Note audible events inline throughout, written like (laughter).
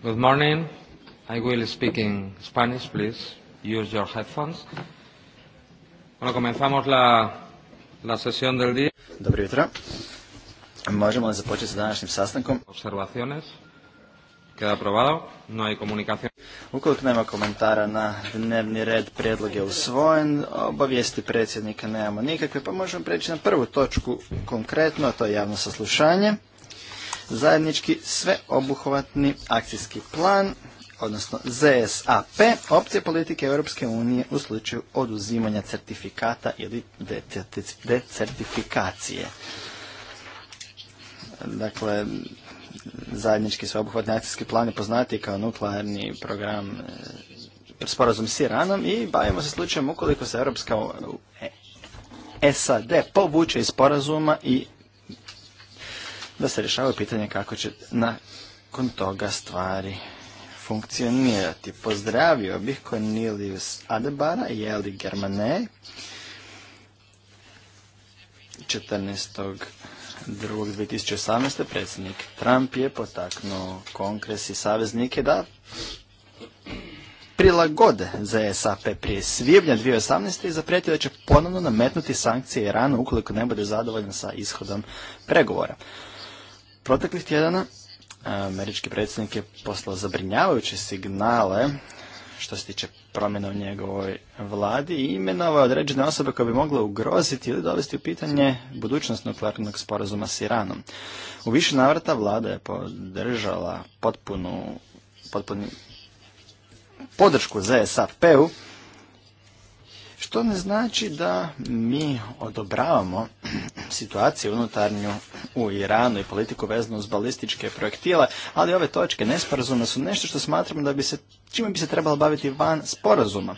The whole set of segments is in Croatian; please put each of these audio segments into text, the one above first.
Good morning. I will speak in Spanish, please. Use your headphones. Bueno, comenzamos la, la sesión del día. Dobro jutro. Možemo li započeti sa današnjim sastankom? Observaciones. Queda aprobado. No hay comunicación. Ukoliko nema komentara na dnevni red, predlog je usvojen. Obavijesti predsjednika nemamo nikakve, pa možemo preći na prvu točku konkretno, a to je javno saslušanje zajednički sveobuhvatni akcijski plan, odnosno ZSAP, opcije politike Europske unije u slučaju oduzimanja certifikata ili decertifikacije. Dakle, zajednički sveobuhvatni akcijski plan je poznati kao nuklearni program e, sporazum s Iranom i bavimo se slučajem ukoliko se Europska e SAD povuče iz sporazuma i da se rješavaju pitanje kako će nakon toga stvari funkcionirati. Pozdravio bih Cornelius Adebara i Eli Germane 14.2.2018. predsjednik Trump je potaknuo kongres i saveznike da prilagode za SAP prije svibnja 2018. i zaprijetio da će ponovno nametnuti sankcije Iranu ukoliko ne bude zadovoljan sa ishodom pregovora. Proteklih tjedana američki predsjednik je poslao zabrinjavajuće signale što se tiče promjena u njegovoj vladi i imenovao određene osobe koje bi mogle ugroziti ili dovesti u pitanje budućnost nuklearnog sporazuma s Iranom. U više navrata vlada je podržala potpunu, potpunu podršku ZSAP-u što ne znači da mi odobravamo (clears throat) situaciju unutarnju u Iranu i politiku vezanu uz balističke projektile, ali ove točke nesporazuma su nešto što smatramo da bi se, čime bi se trebalo baviti van sporazuma.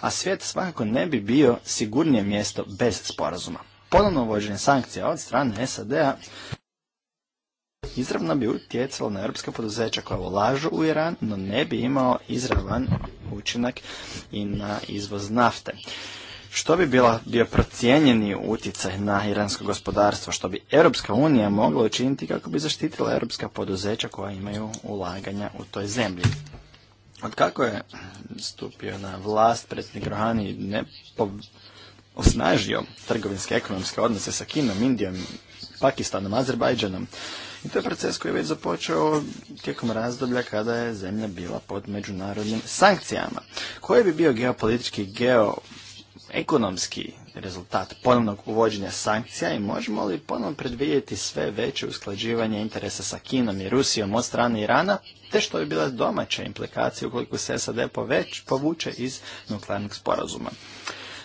A svijet svakako ne bi bio sigurnije mjesto bez sporazuma. Ponovno uvođenje sankcija od strane SAD-a izravno bi utjecalo na europska poduzeća koja ulažu u Iran, no ne bi imao izravan učinak i na izvoz nafte. Što bi bila bio procijenjeni utjecaj na iransko gospodarstvo? Što bi Europska unija mogla učiniti kako bi zaštitila europska poduzeća koja imaju ulaganja u toj zemlji? Od kako je stupio na vlast predsjednik Rohani ne osnažio trgovinske ekonomske odnose sa Kinom, Indijom, Pakistanom, Azerbajdžanom. I to je proces koji je već započeo tijekom razdoblja kada je zemlja bila pod međunarodnim sankcijama. Koji bi bio geopolitički, geo ekonomski rezultat ponovnog uvođenja sankcija i možemo li ponovno predvidjeti sve veće usklađivanje interesa sa Kinom i Rusijom od strane Irana, te što bi bila domaća implikacija ukoliko se SAD poveć, povuče iz nuklearnog sporazuma.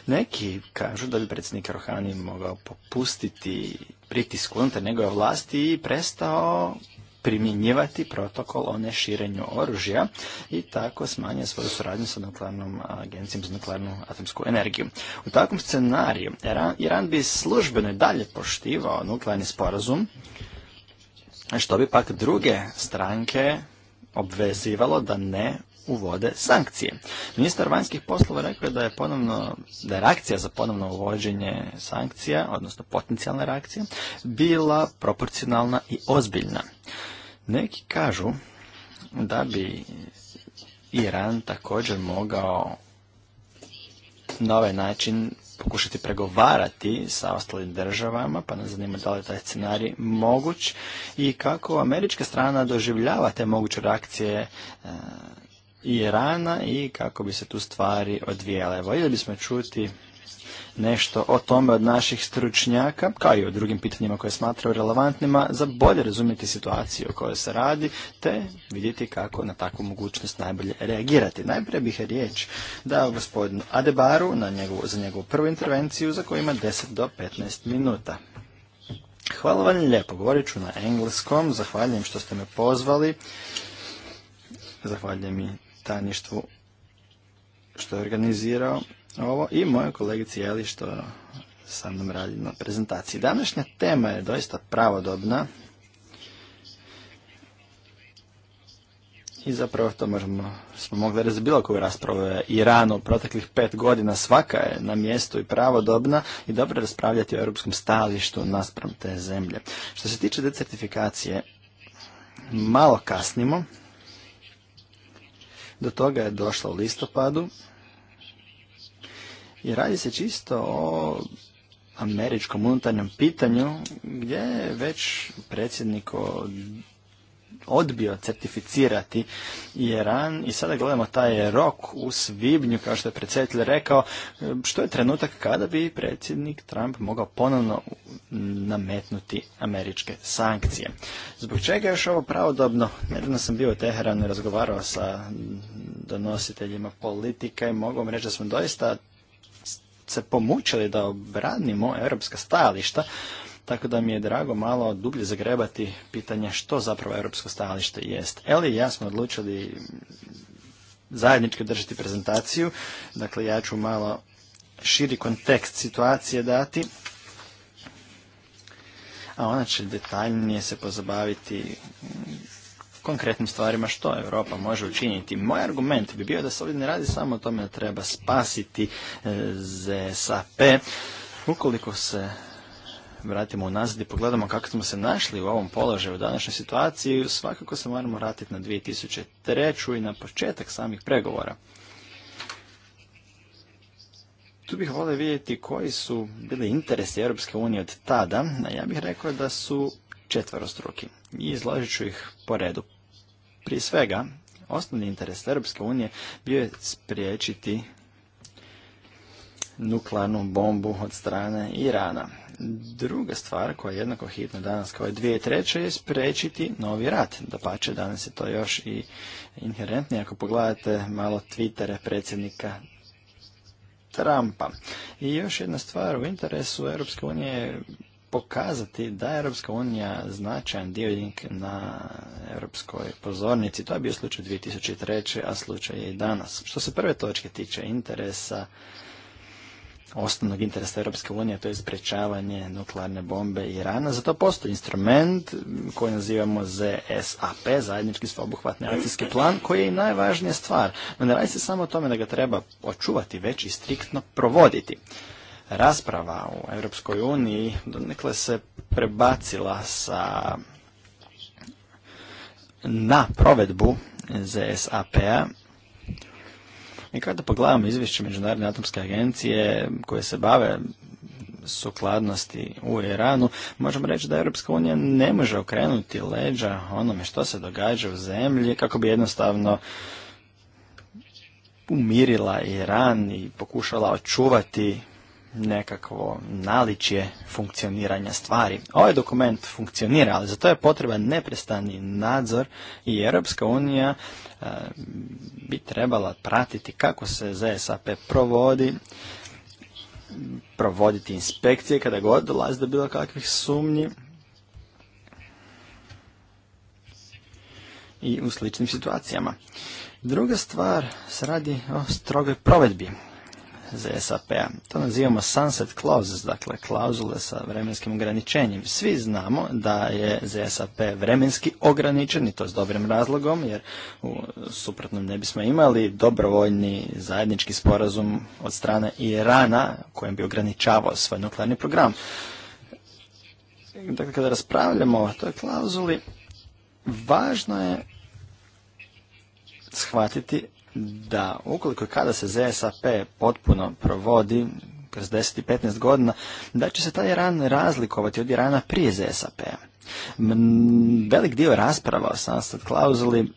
Neki kažu da bi predsjednik Rohani mogao popustiti pritisku unutar njegove vlasti i prestao primjenjivati protokol o neširenju oružja i tako smanje svoju suradnju sa nuklearnom agencijom za nuklearnu atomsku energiju. U takvom scenariju Iran bi službeno i dalje poštivao nuklearni sporazum, što bi pak druge stranke obvezivalo da ne uvode sankcije. Ministar vanjskih poslova rekao je da je ponovno, da je reakcija za ponovno uvođenje sankcija, odnosno potencijalna reakcija, bila proporcionalna i ozbiljna. Neki kažu da bi Iran također mogao na ovaj način pokušati pregovarati sa ostalim državama, pa nas zanima da li je taj scenarij moguć i kako američka strana doživljava te moguće reakcije e, Irana i kako bi se tu stvari odvijele. Voljeli bismo čuti nešto o tome od naših stručnjaka, kao i o drugim pitanjima koje smatraju relevantnima, za bolje razumjeti situaciju o kojoj se radi, te vidjeti kako na takvu mogućnost najbolje reagirati. Najprije bih riječ dao gospodinu Adebaru na njegovu, za njegovu prvu intervenciju, za koju ima 10 do 15 minuta. Hvala vam lijepo, govorit ću na engleskom, zahvaljujem što ste me pozvali, zahvaljujem i tajništvu što je organizirao ovo i mojoj kolegici Eli što sa mnom radi na prezentaciji. Današnja tema je doista pravodobna i zapravo to možemo, smo mogli reći bilo koju raspravu i rano u proteklih pet godina svaka je na mjestu i pravodobna i dobro raspravljati o europskom stajalištu naspram te zemlje. Što se tiče decertifikacije, malo kasnimo. Do toga je došlo u listopadu i radi se čisto o američkom unutarnjem pitanju gdje je već predsjednik odbio certificirati Iran i sada gledamo taj rok u svibnju, kao što je predsjedatelj rekao, što je trenutak kada bi predsjednik Trump mogao ponovno nametnuti američke sankcije. Zbog čega je još ovo pravodobno? Nedavno sam bio u Teheranu i razgovarao sa donositeljima politika i mogu vam reći da smo doista se pomučili da obranimo europska stajališta, tako da mi je drago malo dublje zagrebati pitanje što zapravo europsko stajalište jest. Eli ja smo odlučili zajednički držati prezentaciju, dakle ja ću malo širi kontekst situacije dati, a ona će detaljnije se pozabaviti konkretnim stvarima što Europa može učiniti. Moj argument bi bio da se ovdje ne radi samo o tome da treba spasiti e, ZSAP. Ukoliko se vratimo u nazad i pogledamo kako smo se našli u ovom položaju u današnjoj situaciji, svakako se moramo vratiti na 2003. i na početak samih pregovora. Tu bih volio vidjeti koji su bili interesi Europske unije od tada, a ja bih rekao da su četverostruki. I izložit ću ih po redu. Prije svega, osnovni interes Europske unije bio je spriječiti nuklearnu bombu od strane Irana. Druga stvar koja je jednako hitna danas kao je dvije treće je spriječiti novi rat. Da pače, danas je to još i inherentnije ako pogledate malo Twittere predsjednika Trumpa. I još jedna stvar u interesu Europske unije pokazati da je Europska unija značajan dionik na europskoj pozornici. To je bio slučaj 2003. a slučaj je i danas. Što se prve točke tiče interesa, osnovnog interesa Europske unije, to je sprečavanje nuklearne bombe Irana. Zato postoji instrument koji nazivamo ZSAP, zajednički sveobuhvatni akcijski plan, koji je i najvažnija stvar. No ne radi se samo o tome da ga treba očuvati, već i striktno provoditi rasprava u Europskoj uniji donekle se prebacila sa na provedbu ZSAP-a i kada pogledamo izvješće Međunarodne atomske agencije koje se bave sukladnosti u Iranu, možemo reći da Europska unija ne može okrenuti leđa onome što se događa u zemlji kako bi jednostavno umirila Iran i pokušala očuvati nekakvo naličje funkcioniranja stvari. Ovaj dokument funkcionira, ali za to je potreban neprestani nadzor i Europska unija e, bi trebala pratiti kako se ZSAP provodi, provoditi inspekcije kada god dolazi do bilo kakvih sumnji i u sličnim situacijama. Druga stvar se radi o strogoj provedbi za SAP-a. To nazivamo sunset clauses, dakle klauzule sa vremenskim ograničenjem. Svi znamo da je za vremenski ograničen i to s dobrim razlogom, jer u suprotnom ne bismo imali dobrovoljni zajednički sporazum od strane Irana kojem bi ograničavao svoj nuklearni program. Dakle, kada raspravljamo o toj klauzuli, važno je shvatiti da ukoliko kada se ZSAP potpuno provodi kroz 10 i 15 godina, da će se taj Iran razlikovati od Irana prije ZSAP-a. Velik dio rasprava o Sunset klauzuli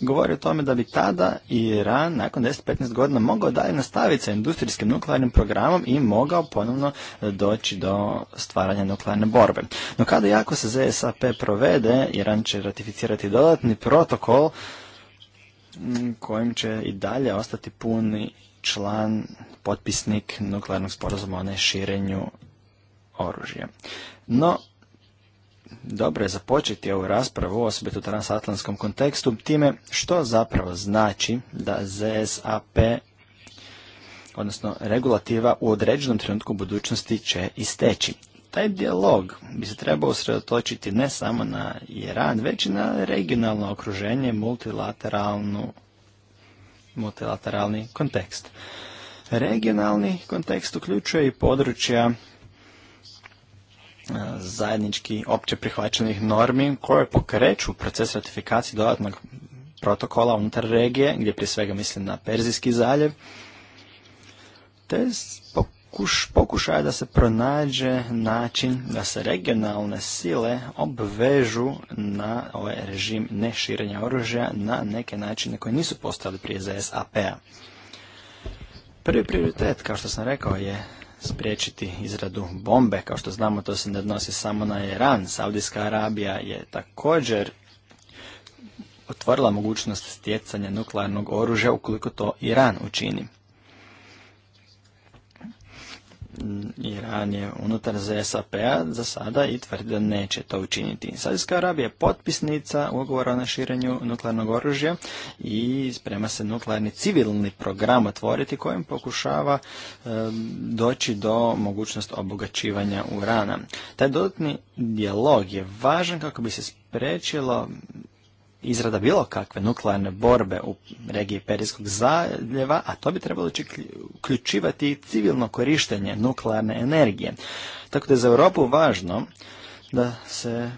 govori o tome da bi tada Iran nakon 10-15 godina mogao dalje nastaviti sa industrijskim nuklearnim programom i mogao ponovno e, doći do stvaranja nuklearne borbe. No kada jako se ZSAP provede, Iran će ratificirati dodatni protokol kojim će i dalje ostati puni član, potpisnik nuklearnog sporazuma o neširenju oružja. No, dobro je započeti ovu raspravu, osobito u transatlantskom kontekstu, time što zapravo znači da ZSAP, odnosno regulativa, u određenom trenutku budućnosti će isteći. Taj dijalog bi se trebao usredotočiti ne samo na Iran, već i na regionalno okruženje, multilateralnu, multilateralni kontekst. Regionalni kontekst uključuje i područja e, zajednički opće prihvaćenih normi koje pokreću proces ratifikacije dodatnog protokola unutar regije, gdje prije svega mislim na Perzijski zaljev, te pokuš, pokušaja da se pronađe način da se regionalne sile obvežu na ovaj režim neširenja oružja na neke načine koje nisu postali prije sap a p-a. Prvi prioritet, kao što sam rekao, je spriječiti izradu bombe. Kao što znamo, to se ne odnosi samo na Iran. Saudijska Arabija je također otvorila mogućnost stjecanja nuklearnog oružja ukoliko to Iran učini. Mm, Iran je unutar ZSAP-a za sada i tvrdi da neće to učiniti. Saudijska Arabija je potpisnica ugovora o naširanju nuklearnog oružja i sprema se nuklearni civilni program otvoriti kojim pokušava eh, doći do mogućnost obogaćivanja urana. Taj dodatni dijalog je važan kako bi se spriječilo izrada bilo kakve nuklearne borbe u regiji Perijskog zaljeva, a to bi trebalo uključivati civilno korištenje nuklearne energije. Tako da je za Europu važno da se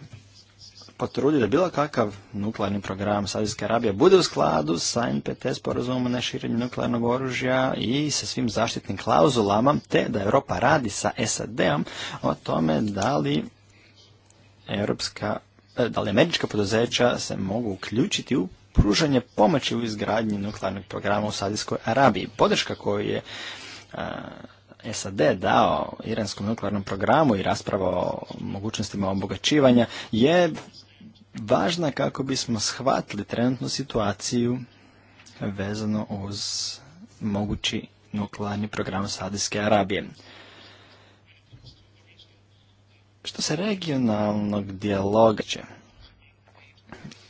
potrudi da bilo kakav nuklearni program Saudijske Arabije bude u skladu sa NPT sporazumom o širenju nuklearnog oružja i sa svim zaštitnim klauzulama, te da Europa radi sa SAD-om o tome da li Europska E, da li američka poduzeća se mogu uključiti u pružanje pomoći u izgradnji nuklearnog programa u Sadijskoj Arabiji. Podrška koju je e, SAD dao iranskom nuklearnom programu i rasprava o mogućnostima obogaćivanja je važna kako bismo shvatili trenutnu situaciju vezano uz mogući nuklearni program Sadijske Arabije. Što se regionalnog dijaloga će,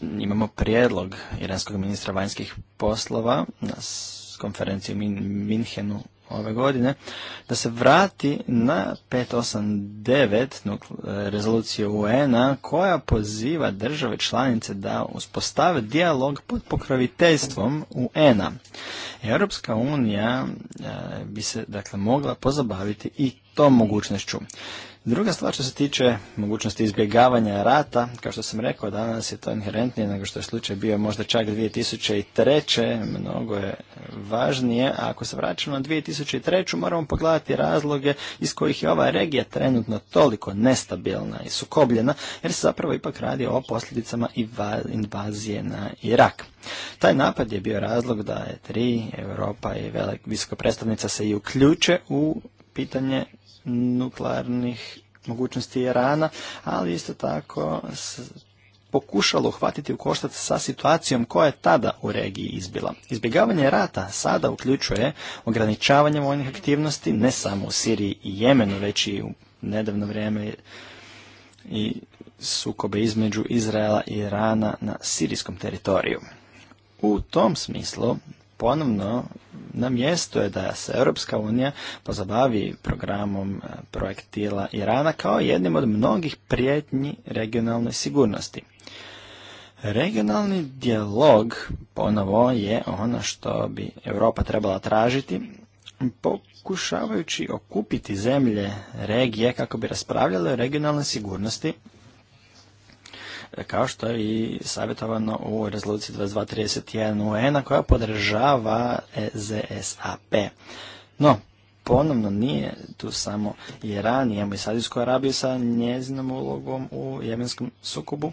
imamo prijedlog iranskog ministra vanjskih poslova na konferenciji u Minhenu ove godine, da se vrati na 589 rezoluciju UN-a koja poziva države članice da uspostave dijalog pod pokroviteljstvom UN-a. Europska unija e, bi se dakle mogla pozabaviti i tom mogućnošću. Druga stvar što se tiče mogućnosti izbjegavanja rata, kao što sam rekao danas je to inherentnije nego što je slučaj bio možda čak 2003. Mnogo je važnije, a ako se vraćamo na 2003. moramo pogledati razloge iz kojih je ova regija trenutno toliko nestabilna i sukobljena, jer se zapravo ipak radi o posljedicama invazije na Irak. Taj napad je bio razlog da je tri, Europa i velik visoka predstavnica se i uključe u pitanje nuklearnih mogućnosti Irana, ali isto tako pokušalo uhvatiti u koštac sa situacijom koja je tada u regiji izbila. Izbjegavanje rata sada uključuje ograničavanje vojnih aktivnosti ne samo u Siriji i Jemenu, već i u nedavno vrijeme i sukobe između Izraela i Irana na sirijskom teritoriju. U tom smislu ponovno na mjestu je da se Europska unija pozabavi programom e, projektila Irana kao jednim od mnogih prijetnji regionalnoj sigurnosti. Regionalni dijalog ponovo je ono što bi Europa trebala tražiti pokušavajući okupiti zemlje regije kako bi raspravljale o regionalnoj sigurnosti kao što je i savjetovano u rezoluciji 2231 UN-a koja podržava e ZSAP. No, ponovno nije tu samo Iran, imamo i Saudijsku Arabiju sa njezinom ulogom u jemenskom sukobu.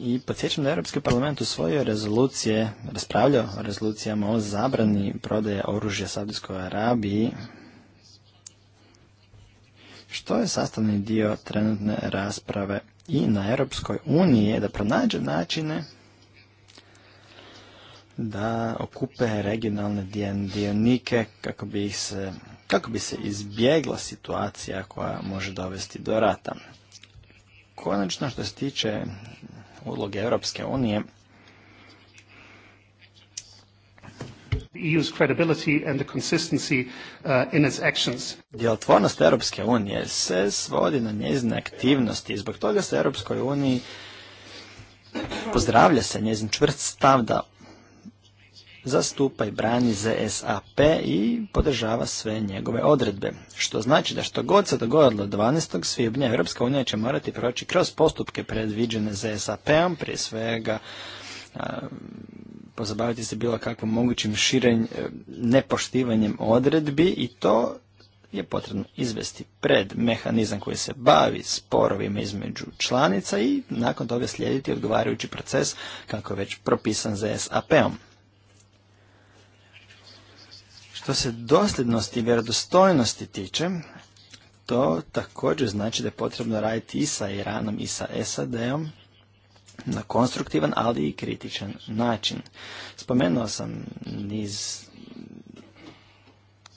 I podsjećam da je Europski parlament usvojio rezolucije, raspravljao o rezolucijama o zabrani prodaje oružja Saudijskoj Arabiji, što je sastavni dio trenutne rasprave i na Europskoj uniji je da pronađe načine da okupe regionalne dionike kako bi, se, kako bi se izbjegla situacija koja može dovesti do rata. Konačno što se tiče uloge Europske unije, EU's credibility and the consistency uh, in its actions. Djelotvornost Europske unije se svodi na njezine aktivnosti i zbog toga se Europskoj uniji pozdravlja se njezin čvrst stav da zastupa i brani ZSAP i podržava sve njegove odredbe. Što znači da što god se dogodilo 12. svibnja, Europska unija će morati proći kroz postupke predviđene ZSAP-om, prije svega pozabaviti se bilo kakvom mogućim širenjem, nepoštivanjem odredbi i to je potrebno izvesti pred mehanizam koji se bavi sporovima između članica i nakon toga slijediti odgovarajući proces kako je već propisan za SAP-om. Što se dosljednosti i vjerodostojnosti tiče, to također znači da je potrebno raditi i sa Iranom i sa SAD-om na konstruktivan, ali i kritičan način. Spomenuo sam niz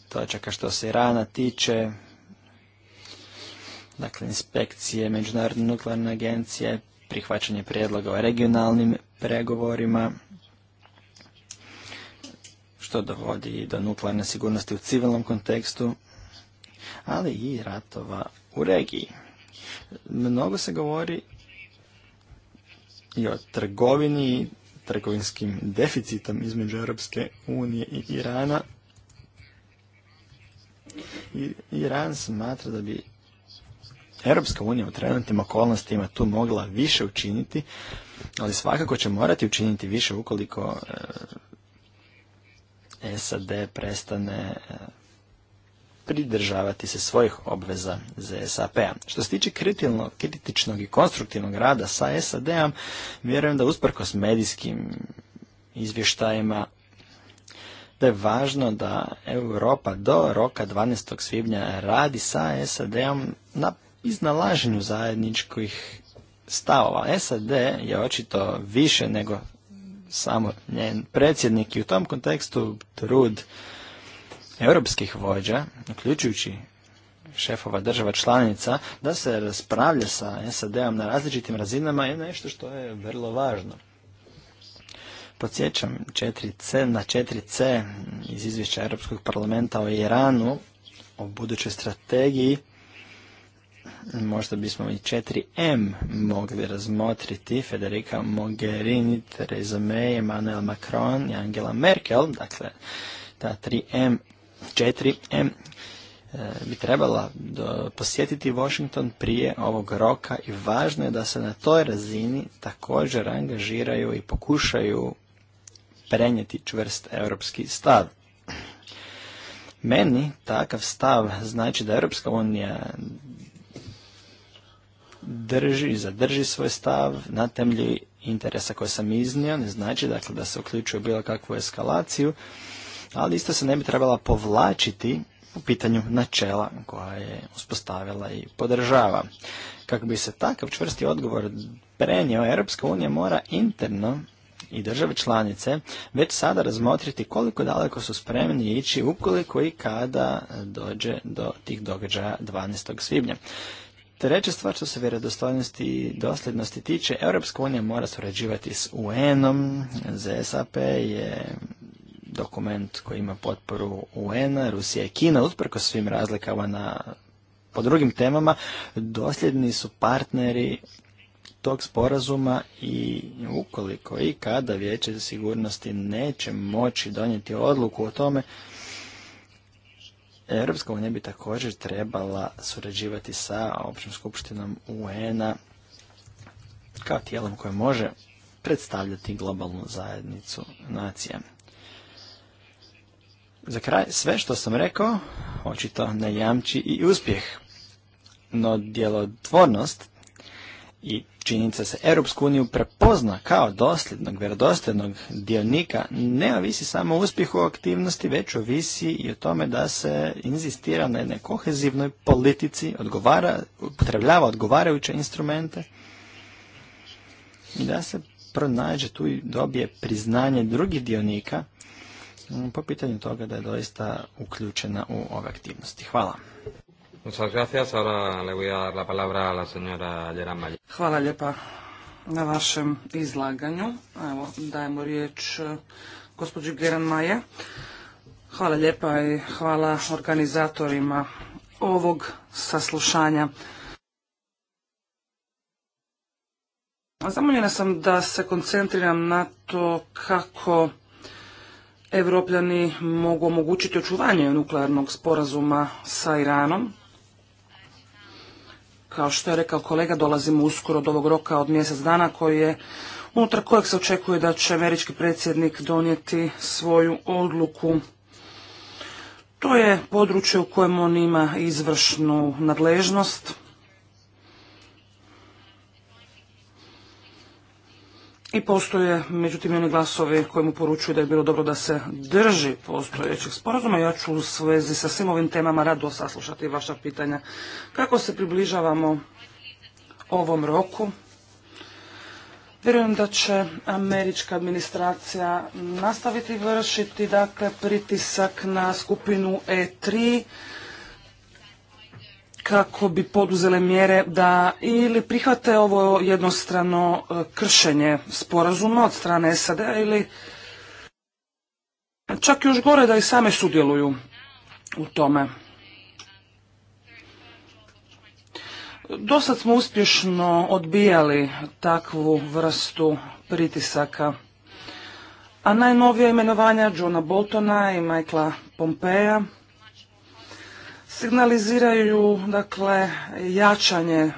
točaka što se rana tiče, dakle inspekcije Međunarodne nuklearne agencije, prihvaćanje prijedloga o regionalnim pregovorima, što dovodi do nuklearne sigurnosti u civilnom kontekstu, ali i ratova u regiji. Mnogo se govori i o trgovini trgovinskim deficitom između Europske unije i Irana. I Iran smatra da bi Europska unija u trenutnim okolnostima tu mogla više učiniti, ali svakako će morati učiniti više ukoliko e, SAD prestane e, pridržavati se svojih obveza za SAP-a. Što se tiče kritičnog i konstruktivnog rada sa SAD-om, vjerujem da usprkos medijskim izvještajima da je važno da Europa do roka 12. svibnja radi sa SAD-om na iznalaženju zajedničkih stavova. SAD je očito više nego samo njen predsjednik i u tom kontekstu trud europskih vođa, uključujući šefova država članica, da se raspravlja sa SAD-om na različitim razinama je nešto što je vrlo važno. Podsjećam 4C na 4C iz izvješća Europskog parlamenta o Iranu, o budućoj strategiji, možda bismo i 4M mogli razmotriti, Federica Mogherini, Theresa May, Emmanuel Macron i Angela Merkel, dakle ta 3M 4M e, bi trebala posjetiti Washington prije ovog roka i važno je da se na toj razini također angažiraju i pokušaju prenijeti čvrst europski stav. Meni takav stav znači da Europska unija drži i zadrži svoj stav na temelju interesa koje sam iznio, ne znači dakle da se uključuje bilo kakvu eskalaciju, ali isto se ne bi trebala povlačiti u pitanju načela koja je uspostavila i podržava. Kako bi se takav čvrsti odgovor prenio, Europska unija mora interno i države članice već sada razmotriti koliko daleko su spremni ići ukoliko i kada dođe do tih događaja 12. svibnja. Treća stvar što se vjerodostojnosti i dosljednosti tiče, Europska unija mora surađivati s UN-om, ZSAP je dokument koji ima potporu UN-a, Rusija i Kina, utprko svim razlikama na, po drugim temama, dosljedni su partneri tog sporazuma i ukoliko i kada Vijeće sigurnosti neće moći donijeti odluku o tome, Europska unija bi također trebala surađivati sa općom skupštinom UN-a kao tijelom koje može predstavljati globalnu zajednicu nacija. Za kraj, sve što sam rekao, očito ne jamči i uspjeh. No djelotvornost i činjenica se Europsku uniju prepozna kao dosljednog, vjerodostojnog dionika ne ovisi samo o uspjehu aktivnosti, već ovisi i o tome da se inzistira na jednoj kohezivnoj politici, odgovara, upotrebljava odgovarajuće instrumente i da se pronađe tu i dobije priznanje drugih dionika Mm, po pitanju toga da je doista uključena u ove aktivnosti. Hvala. Hvala lijepa na vašem izlaganju. Evo, dajemo riječ eh, gospođi Geran Maje. Hvala lijepa i hvala organizatorima ovog saslušanja. Zamoljena sam da se koncentriram na to kako Evropljani mogu omogućiti očuvanje nuklearnog sporazuma sa Iranom. Kao što je rekao kolega, dolazimo uskoro od ovog roka od mjesec dana koji je unutar kojeg se očekuje da će američki predsjednik donijeti svoju odluku. To je područje u kojem on ima izvršnu nadležnost. I postoje, međutim, oni glasovi koji mu poručuju da je bilo dobro da se drži postojećeg sporazuma. Ja ću u svezi sa svim ovim temama rado saslušati vaša pitanja. Kako se približavamo ovom roku? Vjerujem da će američka administracija nastaviti vršiti dakle, pritisak na skupinu E3 kako bi poduzele mjere da ili prihvate ovo jednostrano e, kršenje sporazuma od strane sad ili čak još gore da i same sudjeluju u tome. Dosad smo uspješno odbijali takvu vrstu pritisaka. A najnovija imenovanja Johna Boltona i Michaela Pompeja signaliziraju dakle jačanje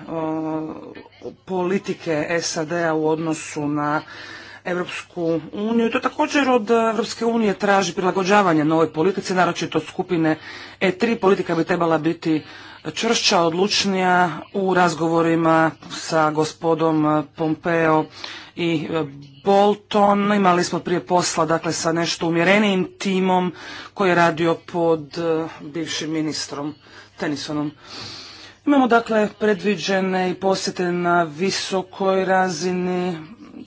politike SAD-a u odnosu na Europsku uniju. To također od Europske unije traži prilagođavanje novoj politici, naročito od skupine E3. Politika bi trebala biti čvršća, odlučnija u razgovorima sa gospodom Pompeo i e, Bolton. Imali smo prije posla dakle, sa nešto umjerenijim timom koji je radio pod e, bivšim ministrom Tenisonom. Imamo dakle predviđene i posjete na visokoj razini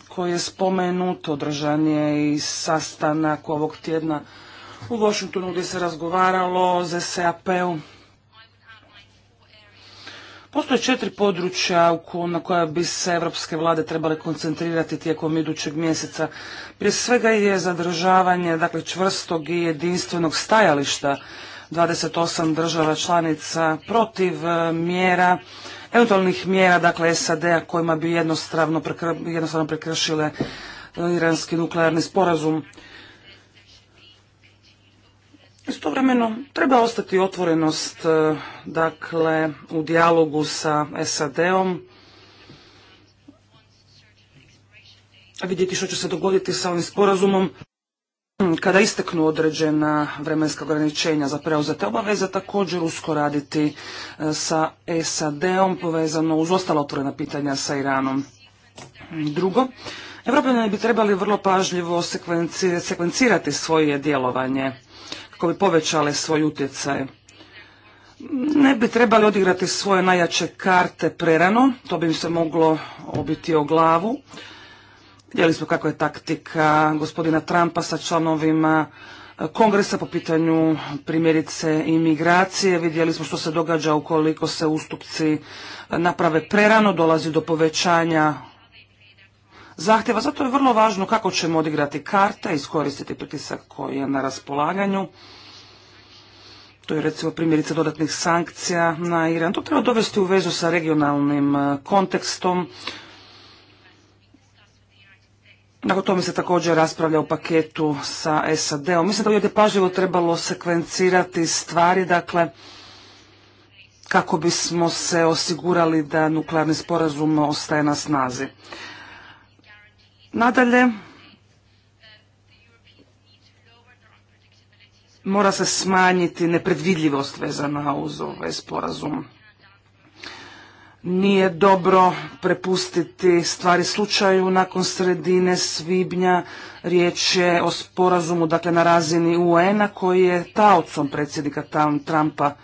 koji je spomenut, održan je i sastanak ovog tjedna u Washingtonu gdje se razgovaralo o ZSAP-u. Postoje četiri područja na koja bi se evropske vlade trebale koncentrirati tijekom idućeg mjeseca. Prije svega je zadržavanje dakle, čvrstog i jedinstvenog stajališta 28 država članica protiv e, mjera, eventualnih mjera dakle SAD-a kojima bi jednostavno, jednostavno prekršile e, iranski nuklearni sporazum. Istovremeno treba ostati otvorenost e, dakle u dijalogu sa SAD-om vidjeti što će se dogoditi sa ovim sporazumom kada isteknu određena vremenska ograničenja za preuzete obaveze, također usko raditi e, sa SAD-om povezano uz ostala otvorena pitanja sa Iranom. Drugo, Evropljani bi trebali vrlo pažljivo sekvencirati svoje djelovanje kako bi povećale svoj utjecaj. Ne bi trebali odigrati svoje najjače karte prerano, to bi im se moglo obiti o glavu. Vidjeli smo kako je taktika gospodina Trumpa sa članovima e, kongresa po pitanju primjerice imigracije. Vidjeli smo što se događa ukoliko se ustupci e, naprave prerano, dolazi do povećanja zahtjeva. Zato je vrlo važno kako ćemo odigrati karte, iskoristiti pritisak koji je na raspolaganju. To je recimo primjerice dodatnih sankcija na Iran. To treba dovesti u vezu sa regionalnim e, kontekstom. Nakon mi se također raspravlja u paketu sa SAD-om. Mislim da ovdje pažljivo trebalo sekvencirati stvari, dakle, kako bismo se osigurali da nuklearni sporazum ostaje na snazi. Nadalje, mora se smanjiti nepredvidljivost vezana uz ovaj sporazum. Nije dobro prepustiti stvari slučaju nakon sredine svibnja. Riječ je o sporazumu dakle, na razini UN-a koji je taocom predsjednika Trumpa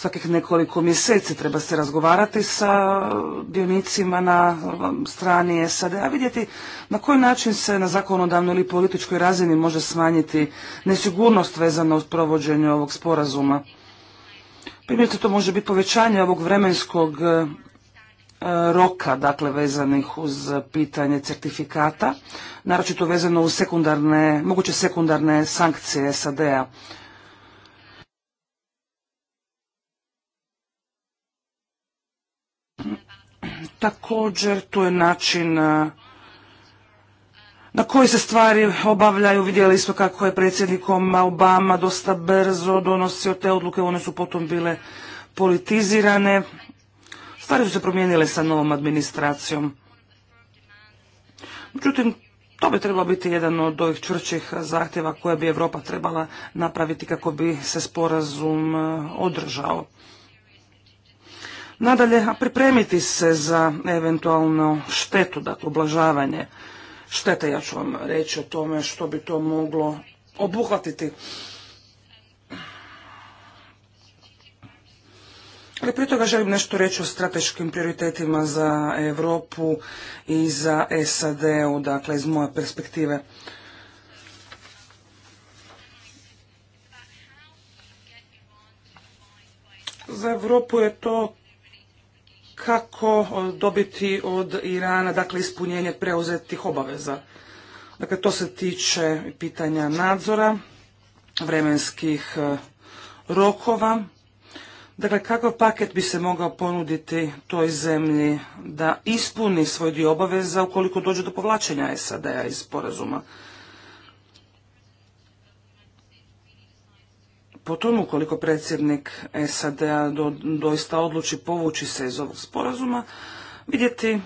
svakih nekoliko mjeseci treba se razgovarati sa dionicima na strani SAD-a, vidjeti na koji način se na zakonodavnoj ili političkoj razini može smanjiti nesigurnost vezana uz provođenje ovog sporazuma. Primjerice to može biti povećanje ovog vremenskog e, roka, dakle vezanih uz pitanje certifikata, naročito vezano uz sekundarne, moguće sekundarne sankcije SAD-a. Također tu je način e, na koji se stvari obavljaju. Vidjeli smo kako je predsjednikom Obama dosta brzo donosio te odluke, one su potom bile politizirane. Stvari su se promijenile sa novom administracijom. Međutim, to bi trebalo biti jedan od ovih čvrćih zahtjeva koje bi Europa trebala napraviti kako bi se sporazum e, održao. Nadalje, a pripremiti se za eventualno štetu, dakle ublažavanje štete, ja ću vam reći o tome što bi to moglo obuhvatiti. Ali prije toga želim nešto reći o strateškim prioritetima za Europu i za SAD-u, dakle iz moje perspektive. Za Europu je to kako dobiti od Irana dakle, ispunjenje preuzetih obaveza. Dakle, to se tiče pitanja nadzora, vremenskih e, rokova. Dakle, kakav paket bi se mogao ponuditi toj zemlji da ispuni svoj dio obaveza ukoliko dođe do povlačenja SAD-a iz sporazuma? potom, ukoliko predsjednik SAD-a doista odluči povući se iz ovog sporazuma, vidjeti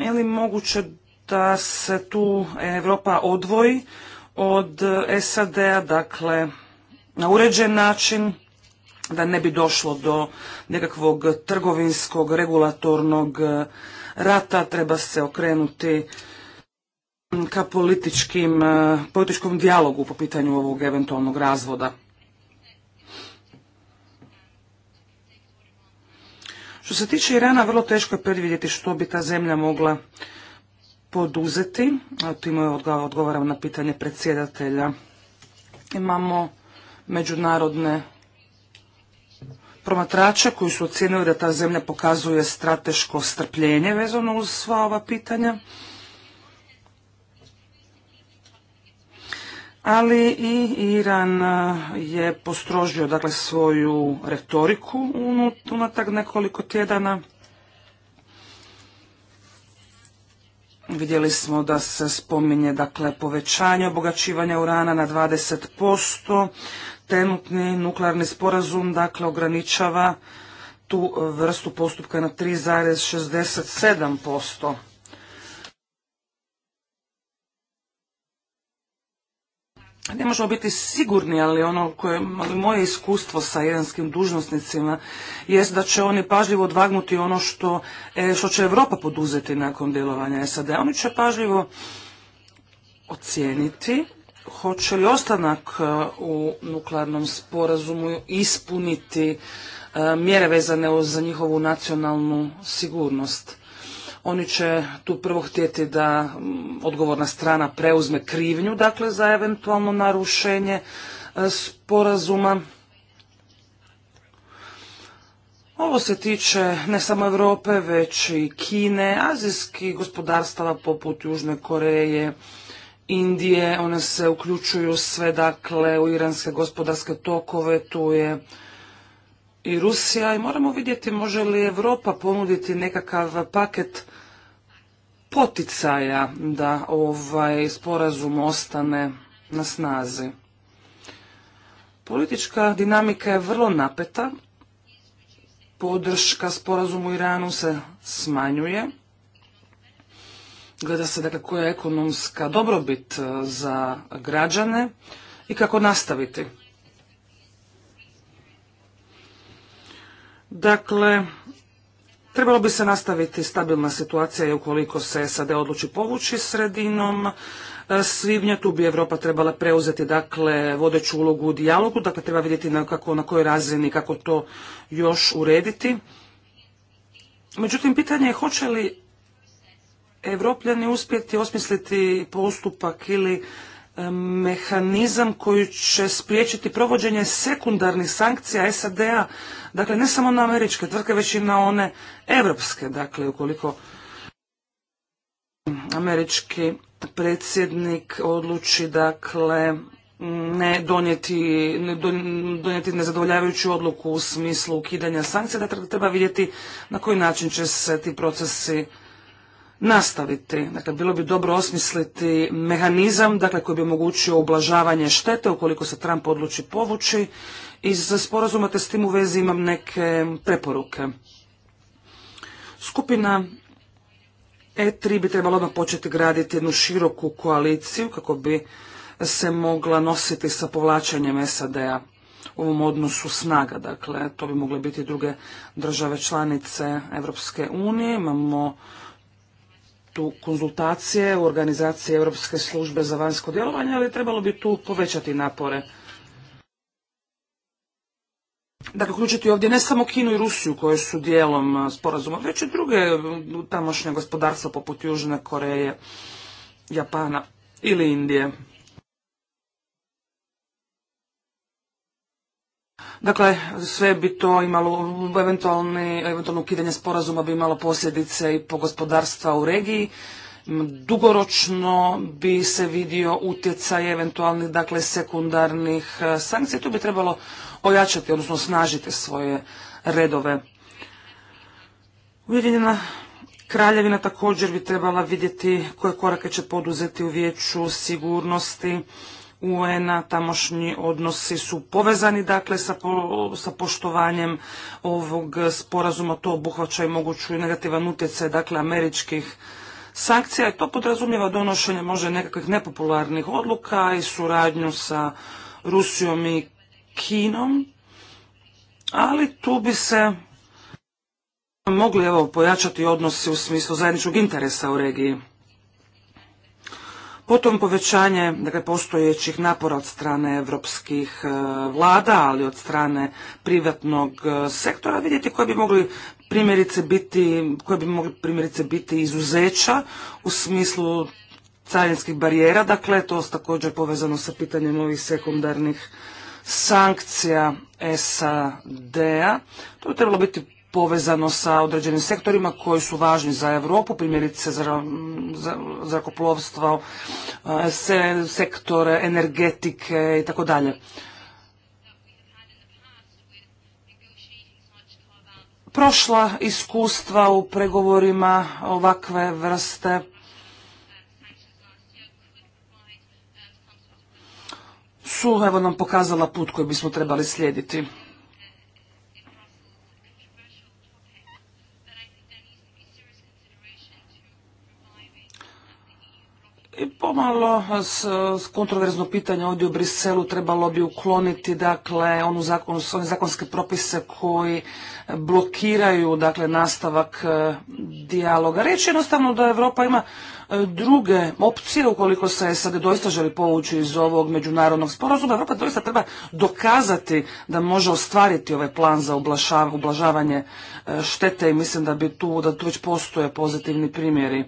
je li moguće da se tu Europa odvoji od SAD-a, dakle na uređen način, da ne bi došlo do nekakvog trgovinskog, regulatornog rata, treba se okrenuti ka političkim, političkom dijalogu po pitanju ovog eventualnog razvoda. Što se tiče Irana, vrlo teško je predvidjeti što bi ta zemlja mogla poduzeti. je odgovaram na pitanje predsjedatelja. Imamo međunarodne promatrače koji su ocijenili da ta zemlja pokazuje strateško strpljenje vezano uz sva ova pitanja. ali i Iran je postrožio dakle svoju retoriku unatrag nekoliko tjedana. Vidjeli smo da se spominje dakle povećanje obogaćivanja urana na 20%. Tenutni nuklearni sporazum dakle ograničava tu vrstu postupka na 3,67%. ne možemo biti sigurni, ali ono koje moje iskustvo sa iranskim dužnosnicima jest da će oni pažljivo odvagnuti ono što, e, što će Europa poduzeti nakon djelovanja SAD. Oni će pažljivo ocijeniti hoće li ostanak e, u nuklearnom sporazumu ispuniti e, mjere vezane za njihovu nacionalnu sigurnost. Oni će tu prvo htjeti da mm, odgovorna strana preuzme krivnju, dakle, za eventualno narušenje e, sporazuma. Ovo se tiče ne samo Europe, već i Kine, azijskih gospodarstava poput Južne Koreje, Indije, one se uključuju sve dakle u iranske gospodarske tokove, tu je i Rusija i moramo vidjeti može li Europa ponuditi nekakav paket poticaja da ovaj sporazum ostane na snazi. Politička dinamika je vrlo napeta. Podrška sporazumu Iranu se smanjuje. Gleda se dakle koja je ekonomska dobrobit e, za građane i kako nastaviti. Dakle, Trebalo bi se nastaviti stabilna situacija i ukoliko se SAD odluči povući sredinom e, svibnja, tu bi Europa trebala preuzeti dakle vodeću ulogu u dijalogu, dakle treba vidjeti na, kako, na kojoj razini, kako to još urediti. Međutim, pitanje je hoće li Evropljani uspjeti osmisliti postupak ili mehanizam koji će spriječiti provođenje sekundarnih sankcija SAD-a, dakle ne samo na američke tvrtke, već i na one evropske, dakle ukoliko američki predsjednik odluči dakle ne donijeti, ne donijeti nezadovoljavajuću odluku u smislu ukidanja sankcija, da treba vidjeti na koji način će se ti procesi nastaviti. Dakle, bilo bi dobro osmisliti mehanizam dakle, koji bi omogućio ublažavanje štete ukoliko se Trump odluči povući. Iz sporazuma te s tim u vezi imam neke preporuke. Skupina E3 bi trebala odmah početi graditi jednu široku koaliciju kako bi se mogla nositi sa povlačenjem SAD-a u ovom odnosu snaga. Dakle, to bi mogle biti druge države članice Europske unije. Imamo tu konzultacije u organizaciji Europske službe za vanjsko djelovanje, ali trebalo bi tu povećati napore. Dakle, uključiti ovdje ne samo Kinu i Rusiju koje su dijelom sporazuma, već i druge tamošnje gospodarstva poput Južne Koreje, Japana ili Indije. Dakle, sve bi to imalo, eventualni, eventualno ukidanje sporazuma bi imalo posljedice i po gospodarstva u regiji. Dugoročno bi se vidio utjecaj eventualnih, dakle, sekundarnih e, sankcija. Tu bi trebalo ojačati, odnosno snažiti svoje redove. Ujedinjena Kraljevina također bi trebala vidjeti koje korake će poduzeti u vijeću sigurnosti UN-a, tamošnji odnosi su povezani dakle sa, sa poštovanjem ovog sporazuma, to obuhvaća i moguću i negativan utjecaj dakle američkih sankcija i to podrazumijeva donošenje možda nekakvih nepopularnih odluka i suradnju sa Rusijom i Kinom, ali tu bi se mogli evo pojačati odnosi u smislu zajedničkog interesa u regiji. Potom povećanje dakle, postojećih napora od strane evropskih e, vlada, ali od strane privatnog e, sektora, vidjeti koji bi mogli primjerice biti, koje bi mogli primjerice biti izuzeća u smislu carinskih barijera, dakle to je također povezano sa pitanjem ovih sekundarnih sankcija SAD-a. To bi trebalo biti povezano sa određenim sektorima koji su važni za Europu, primjerice zrakoplovstvo, eh, sektore energetike i tako dalje. Prošla iskustva u pregovorima ovakve vrste su evo nam pokazala put koji bismo trebali slijediti. pomalo kontroverzno pitanje ovdje u Briselu trebalo bi ukloniti dakle onu zakon, one zakonske propise koji blokiraju dakle nastavak e, dijaloga. Reći je jednostavno da Europa ima e, druge opcije ukoliko se SAD doista želi povući iz ovog međunarodnog sporazuma. Europa doista treba dokazati da može ostvariti ovaj plan za ublažavanje e, štete i mislim da bi tu, da tu već postoje pozitivni primjeri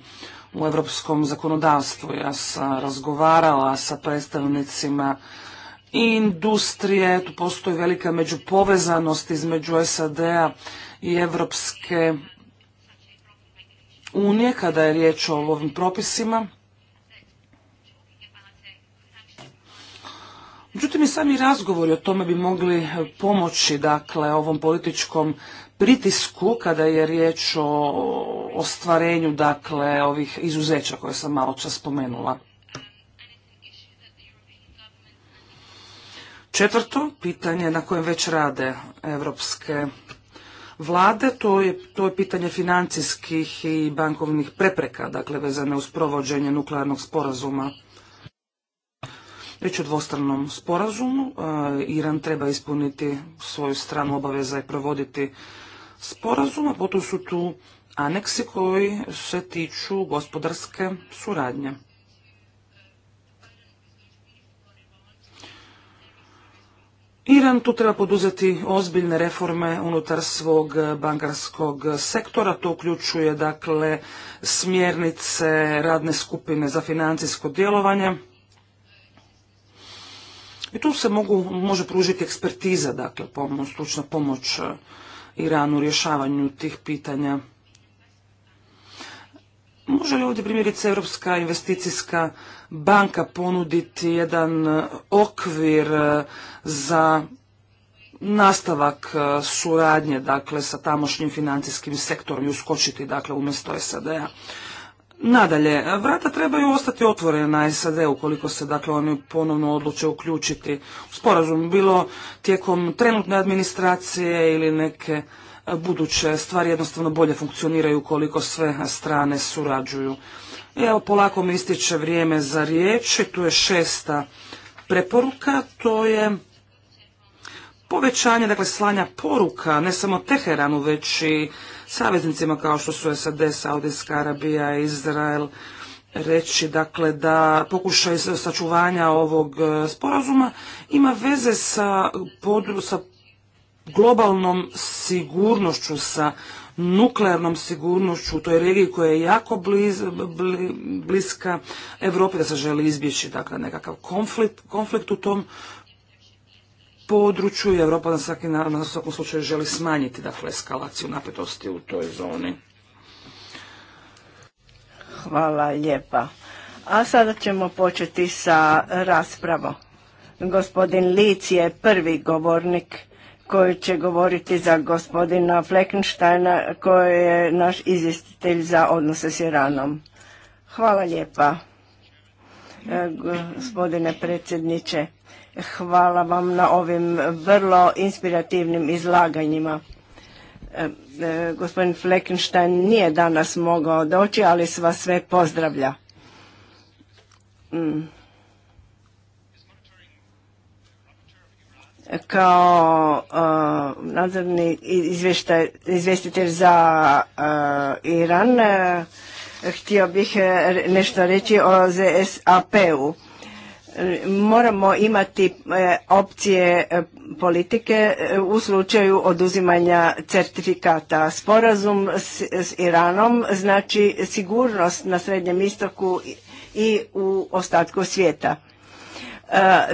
u europskom zakonodavstvu. Ja sam razgovarala sa predstavnicima industrije, tu postoji velika međupovezanost između SAD-a i Evropske unije kada je riječ o ovim propisima. Međutim, i sami razgovori o tome bi mogli pomoći dakle, ovom političkom pritisku kada je riječ o ostvarenju dakle ovih izuzeća koje sam malo čas spomenula. Četvrto pitanje na kojem već rade evropske vlade, to je, to je pitanje financijskih i bankovnih prepreka, dakle vezane uz provođenje nuklearnog sporazuma. Riječ o dvostranom sporazumu. E, Iran treba ispuniti svoju stranu obaveza i provoditi sporazuma, potom su tu aneksi koji se tiču gospodarske suradnje. Iran tu treba poduzeti ozbiljne reforme unutar svog bankarskog sektora. To uključuje dakle smjernice radne skupine za financijsko djelovanje. I tu se mogu, može pružiti ekspertiza, dakle, pomoć, stručna pomoć u rješavanju tih pitanja. Može li ovdje primjerice Europska investicijska banka ponuditi jedan okvir e, za nastavak e, suradnje dakle sa tamošnjim financijskim sektorom i uskočiti dakle umjesto SAD-a? Nadalje, vrata trebaju ostati otvorena SAD ukoliko se dakle oni ponovno odluče uključiti u sporazum, bilo tijekom trenutne administracije ili neke e, buduće stvari jednostavno bolje funkcioniraju ukoliko sve strane surađuju. Evo polako mi ističe vrijeme za riječi. tu je šesta preporuka, to je povećanje dakle slanja poruka ne samo Teheranu već i saveznicima kao što su SAD, Saudijska Arabija, Izrael, reći dakle da pokušaj sačuvanja ovog e, sporazuma ima veze sa, globalnom sigurnošću, sa nuklearnom sigurnošću u toj regiji koja je jako bliska Europi da se želi izbjeći dakle nekakav konflikt, konflikt u tom području i Europa na svaki na svakom slučaju želi smanjiti dakle, eskalaciju napetosti u toj zoni. Hvala lijepa. A sada ćemo početi sa raspravom. Gospodin Lic je prvi govornik koji će govoriti za gospodina Fleckensteina koji je naš izvjestitelj za odnose s Iranom. Hvala lijepa e, gospodine predsjedniče. Hvala vam na ovim vrlo inspirativnim izlaganjima. E, e, gospodin Fleckenstein nije danas mogao doći, ali vas sve pozdravlja. Mm. Kao e, nadzorni izvjestitelj za Iran htio bih nešto reći o ZSAP-u moramo imati e, opcije e, politike e, u slučaju oduzimanja certifikata. Sporazum s, Iranom znači sigurnost na Srednjem istoku i u ostatku svijeta.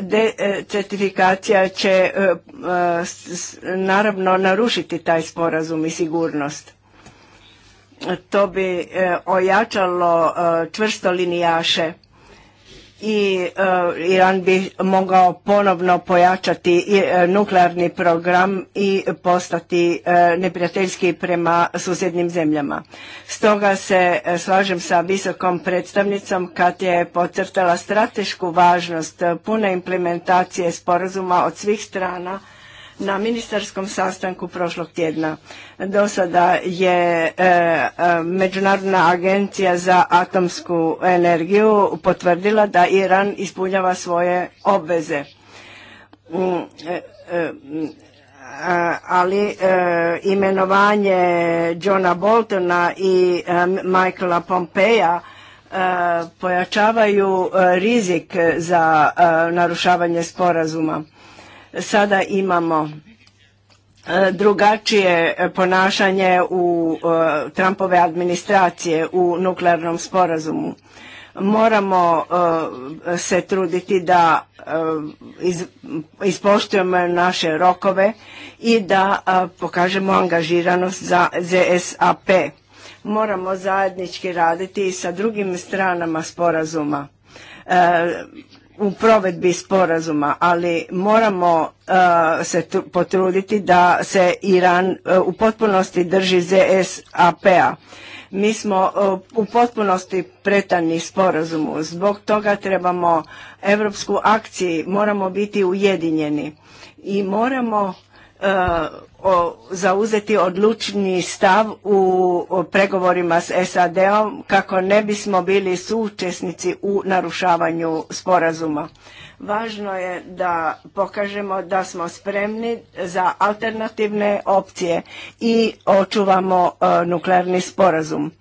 De certifikacija će naravno narušiti taj sporazum i sigurnost. To bi ojačalo čvrsto linijaše i eh, Iran bi mogao ponovno pojačati eh, nuklearni program i postati eh, neprijateljski prema susjednim zemljama. Stoga se slažem sa visokom predstavnicom kad je podcrtala stratešku važnost pune implementacije sporazuma od svih strana na ministarskom sastanku prošlog tjedna. Do sada je e, e, Međunarodna agencija za atomsku energiju potvrdila da Iran ispunjava svoje obveze. Mm, e, mm, ali imenovanje Johna Boltona i Michaela Pompeja pojačavaju rizik za narušavanje sporazuma Sada imamo e, drugačije ponašanje u e, Trumpove administracije u nuklearnom sporazumu. Moramo e, se truditi da ispoštujemo naše rokove i da pokažemo angažiranost za ZSAP. Moramo zajednički raditi i sa drugim stranama sporazuma u provedbi sporazuma, ali moramo uh, se potruditi da se Iran uh, u potpunosti drži ZSAP-a. Mi smo uh, u potpunosti pretani sporazumu. Zbog toga trebamo evropsku akciju, moramo biti ujedinjeni i moramo zauzeti odlučni stav u pregovorima s SAD-om kako ne bismo bili suučesnici u narušavanju sporazuma. Važno je da pokažemo da smo spremni za alternativne opcije i očuvamo e, nuklearni sporazum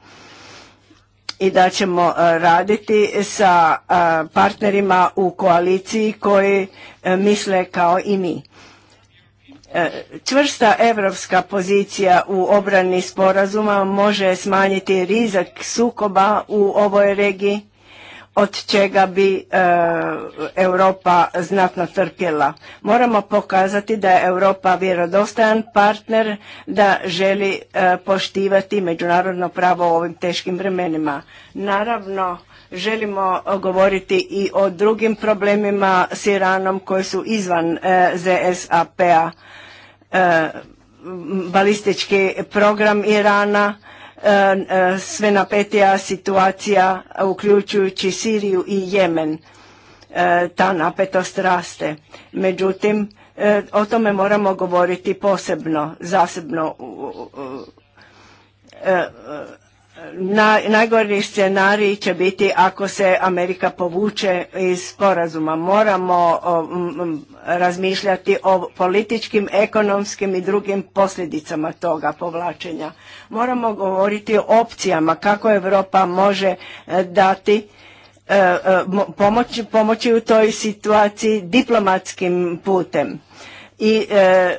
i da ćemo e, raditi sa e, partnerima u koaliciji koji misle kao i mi. E, čvrsta evropska pozicija u obrani sporazuma može smanjiti rizik sukoba u ovoj regiji, od čega bi e, Europa znatno trpjela. Moramo pokazati da je Europa vjerodostojan partner, da želi e, poštivati međunarodno pravo u ovim teškim vremenima. Naravno, Želimo e, govoriti i o drugim problemima s Iranom koji su izvan e, ZSAP-a. E, balistički program Irana, sve napetija situacija uključujući Siriju i Jemen. Ta napetost raste. Međutim, o tome moramo govoriti posebno, zasebno na, najgori scenarij će biti ako se Amerika povuče iz sporazuma. Moramo razmišljati o političkim, ekonomskim i drugim posljedicama toga povlačenja. Moramo govoriti o opcijama kako Europa može e, dati e, e, pomoći, pomoći u toj situaciji diplomatskim putem i e,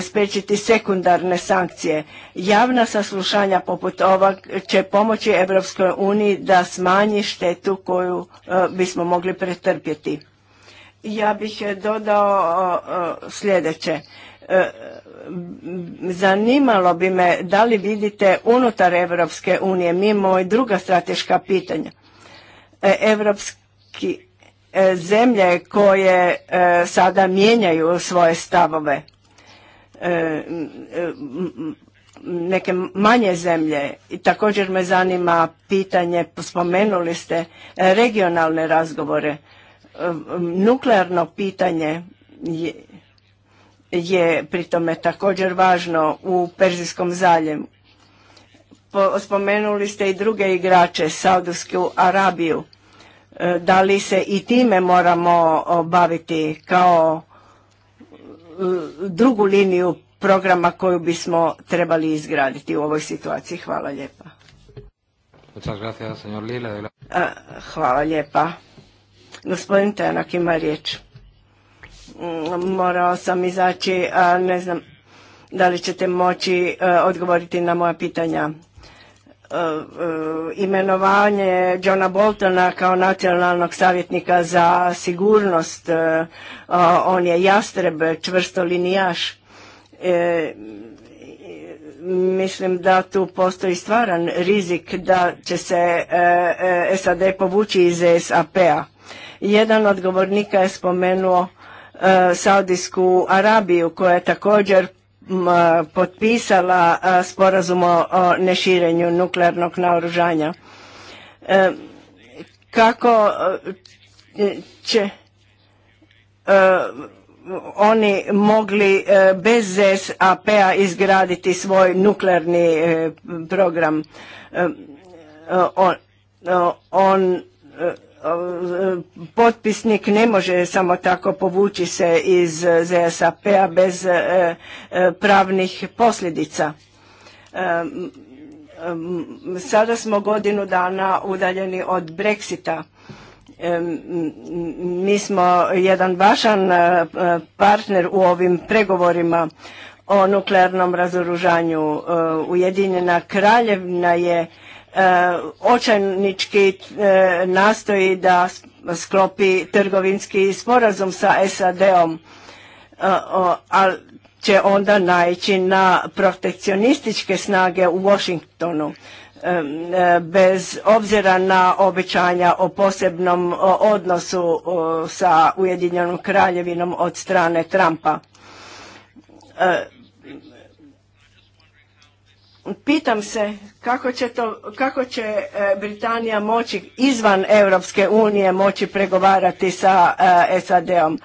spriječiti sekundarne sankcije. Javna saslušanja poput ovog će pomoći Europskoj uniji da smanji štetu koju e, bismo mogli pretrpjeti. Ja bih e, dodao e, sljedeće. Zanimalo bi me da li vidite unutar Europske unije, mi i druga strateška pitanja. Europski E, zemlje koje e, sada mijenjaju svoje stavove. E, neke manje zemlje. I također me zanima pitanje, spomenuli ste regionalne razgovore. Nuklearno pitanje je, je pri tome također važno u Perzijskom zaljevu. Spomenuli ste i druge igrače, Saudijsku Arabiju E, da li se i time moramo baviti kao e, drugu liniju programa koju bismo trebali izgraditi u ovoj situaciji. Hvala lijepa. Hvala lijepa. Gospodin Tenak ima riječ. Mm, morao sam izaći, ne znam da li ćete moći e, odgovoriti na moja pitanja. E, e, imenovanje Johna Boltona kao nacionalnog savjetnika za sigurnost, e, on je jastreb, čvrsto linijaš. Mislim da tu postoji stvaran rizik da će se SAD povući iz SAP-a. Jedan od govornika je spomenuo Saudijsku Arabiju koja je također potpisala sporazum o neširenju nuklearnog naoružanja. E, kako e, će e, oni mogli bez ZSAP-a izgraditi svoj nuklearni program. On, on potpisnik ne može samo tako povući se iz ZSAP-a bez e, e, pravnih posljedica. Sada smo godinu dana udaljeni od Brexita. Mi smo jedan važan e, partner u ovim pregovorima o nuklearnom razoružanju. Ujedinjena kraljevna je E, očajnički e, nastoji da sklopi trgovinski sporazum sa SAD-om, e, ali će onda naići na protekcionističke snage u Washingtonu bez obzira na obećanja o posebnom odnosu sa Ujedinjenom kraljevinom od strane Trumpa. Pitam se kako će, to, kako će e, Britanija moći izvan Europske unije moći pregovarati sa e, SAD-om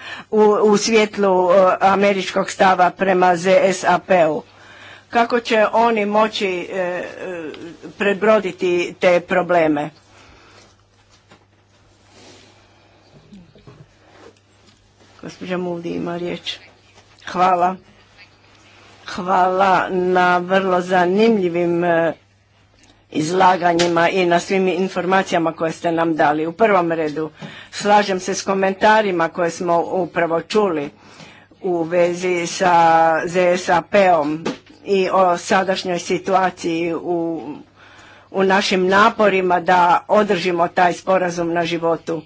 u, svjetlu e, američkog stava prema ZSAP-u. Kako će oni moći predbroditi prebroditi te probleme? Gospođa Muldi ima riječ. Hvala. Hvala na vrlo zanimljivim e, izlaganjima i na svim informacijama koje ste nam dali. U prvom redu slažem se s komentarima koje smo upravo čuli u vezi sa ZSAP-om i o sadašnjoj situaciji u, u našim naporima da održimo taj sporazum na životu.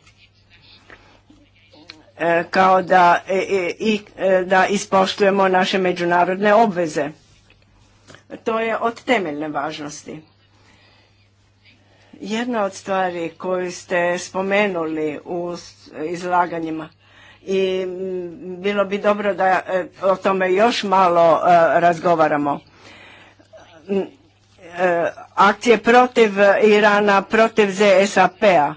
E, kao da, e, e, i, da ispoštujemo naše međunarodne obveze. To je od temeljne važnosti. Jedna od stvari koju ste spomenuli u izlaganjima i bilo bi dobro da o tome još malo razgovaramo. Akcije protiv Irana, protiv ZSAP-a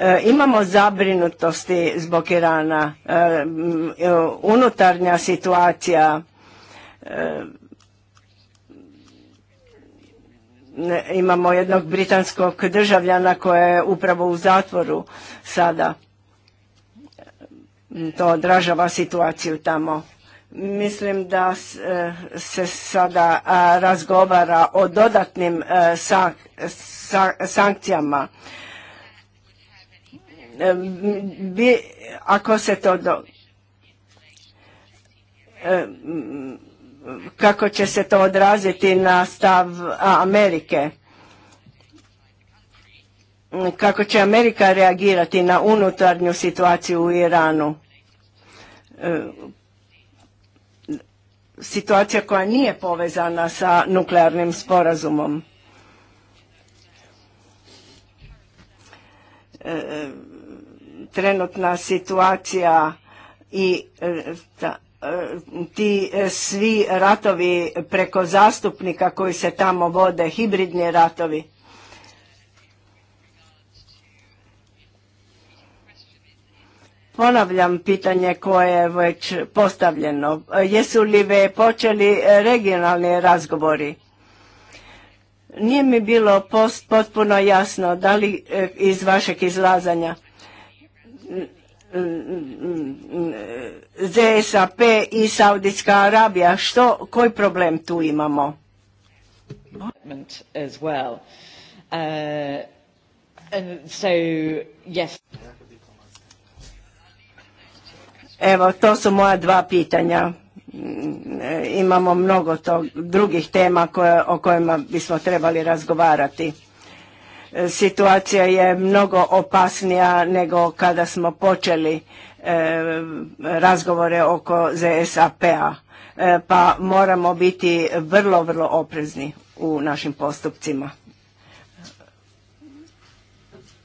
E, imamo zabrinutosti zbog Irana, e, unutarnja situacija, e, imamo jednog britanskog državljana koja je upravo u zatvoru sada. To odražava situaciju tamo. Mislim da se sada razgovara o dodatnim sankcijama bi, ako se to do, kako će se to odraziti na stav Amerike kako će Amerika reagirati na unutarnju situaciju u Iranu situacija koja nije povezana sa nuklearnim sporazumom trenutna situacija i e, e, ti e, svi ratovi preko zastupnika koji se tamo vode, hibridni ratovi. Ponavljam pitanje koje je već postavljeno. Jesu li ve počeli regionalni razgovori? Nije mi bilo potpuno jasno da li iz vašeg izlazanja ZSAP i Saudijska Arabija. Što, koji problem tu imamo? Uh, Evo, to su moja dva pitanja. Imamo mnogo drugih tema o kojima bismo trebali razgovarati. E, situacija je mnogo opasnija nego kada smo počeli e, razgovore oko ZSAP-a, e, pa moramo biti vrlo, vrlo oprezni u našim postupcima.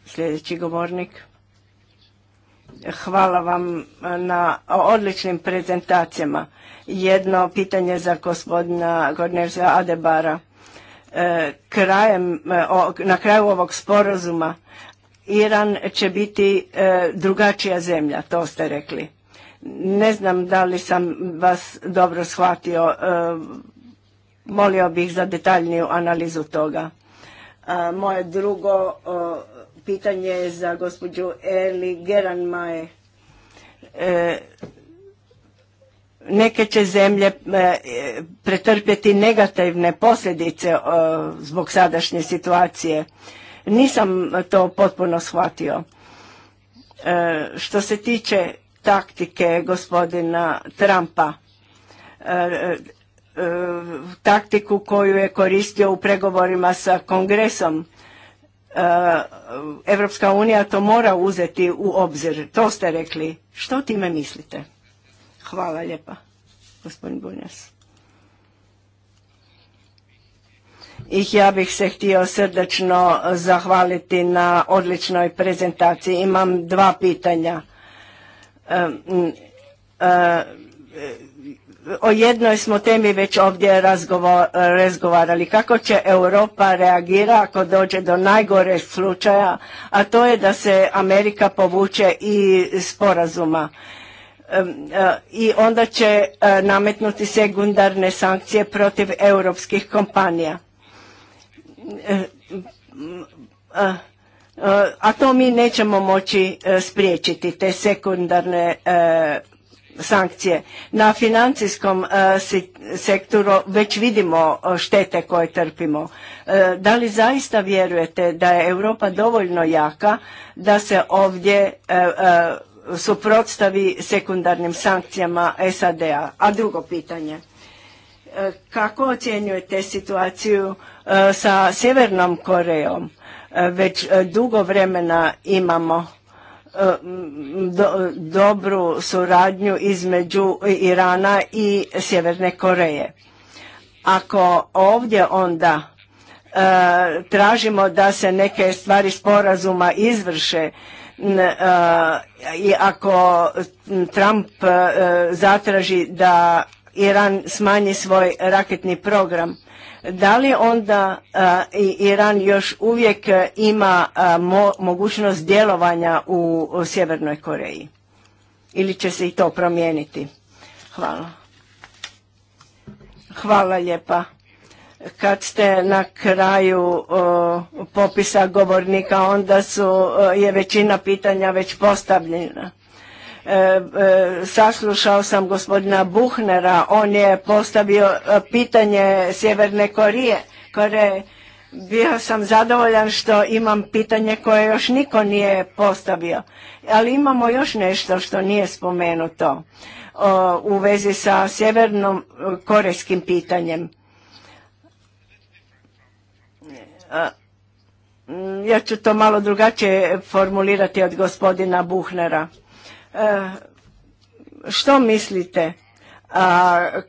Sljedeći govornik. Hvala vam na odličnim prezentacijama. Jedno pitanje za gospodina Gornerza Adebara. E, krajem, e, na kraju ovog sporazuma Iran će biti e, drugačija zemlja, to ste rekli. Ne znam da li sam vas dobro shvatio, molio bih za detaljniju analizu toga. Moje drugo pitanje je za gospođu Eli Geranmaje. Neke će zemlje e, pretrpjeti negativne posljedice e, zbog sadašnje situacije. Nisam to potpuno shvatio. E, što se tiče taktike gospodina Trumpa, taktiku koju je koristio u pregovorima sa kongresom. Evropska unija to mora uzeti u obzir. To ste rekli. Što time mislite? Hvala lijepa, gospodin Bunjas. I ja bih se htio srdačno zahvaliti na odličnoj prezentaciji. Imam dva pitanja. E, o jednoj smo temi već ovdje razgovarali. Kako će Europa reagira ako dođe do najgore slučaja, a to je da se Amerika povuče i sporazuma. E, i onda će e, nametnuti sekundarne sankcije protiv europskih kompanija. E, a to mi nećemo moći spriječiti, te sekundarne sankcije. Na financijskom sektoru već vidimo štete koje trpimo. Da li zaista vjerujete da je Europa dovoljno jaka da se ovdje suprotstavi sekundarnim sankcijama SAD-a? A drugo pitanje, e, kako ocjenjujete situaciju e, sa Sjevernom Korejom? E, već dugo vremena imamo dobru suradnju između Irana i Sjeverne Koreje. Ako ovdje onda tražimo da se neke stvari sporazuma izvrše, E, i ako Trump e, zatraži da Iran smanji svoj raketni program, da li onda e, Iran još uvijek ima mogućnost djelovanja u, u Sjevernoj Koreji? Ili će se i to promijeniti? Hvala. Hvala lijepa kad ste na kraju popisa govornika onda su je većina pitanja već postavljena e, e, saslušao sam gospodina Buhnera, on je postavio e, pitanje Sjeverne Korije, Koreje. Bio sam zadovoljan što imam pitanje koje još niko nije postavio. Ali imamo još nešto što nije spomenuto u vezi sa sjevernom korejskim pitanjem. Mm, ja ću to malo drugačije formulirati od gospodina Buhnera. E, što mislite,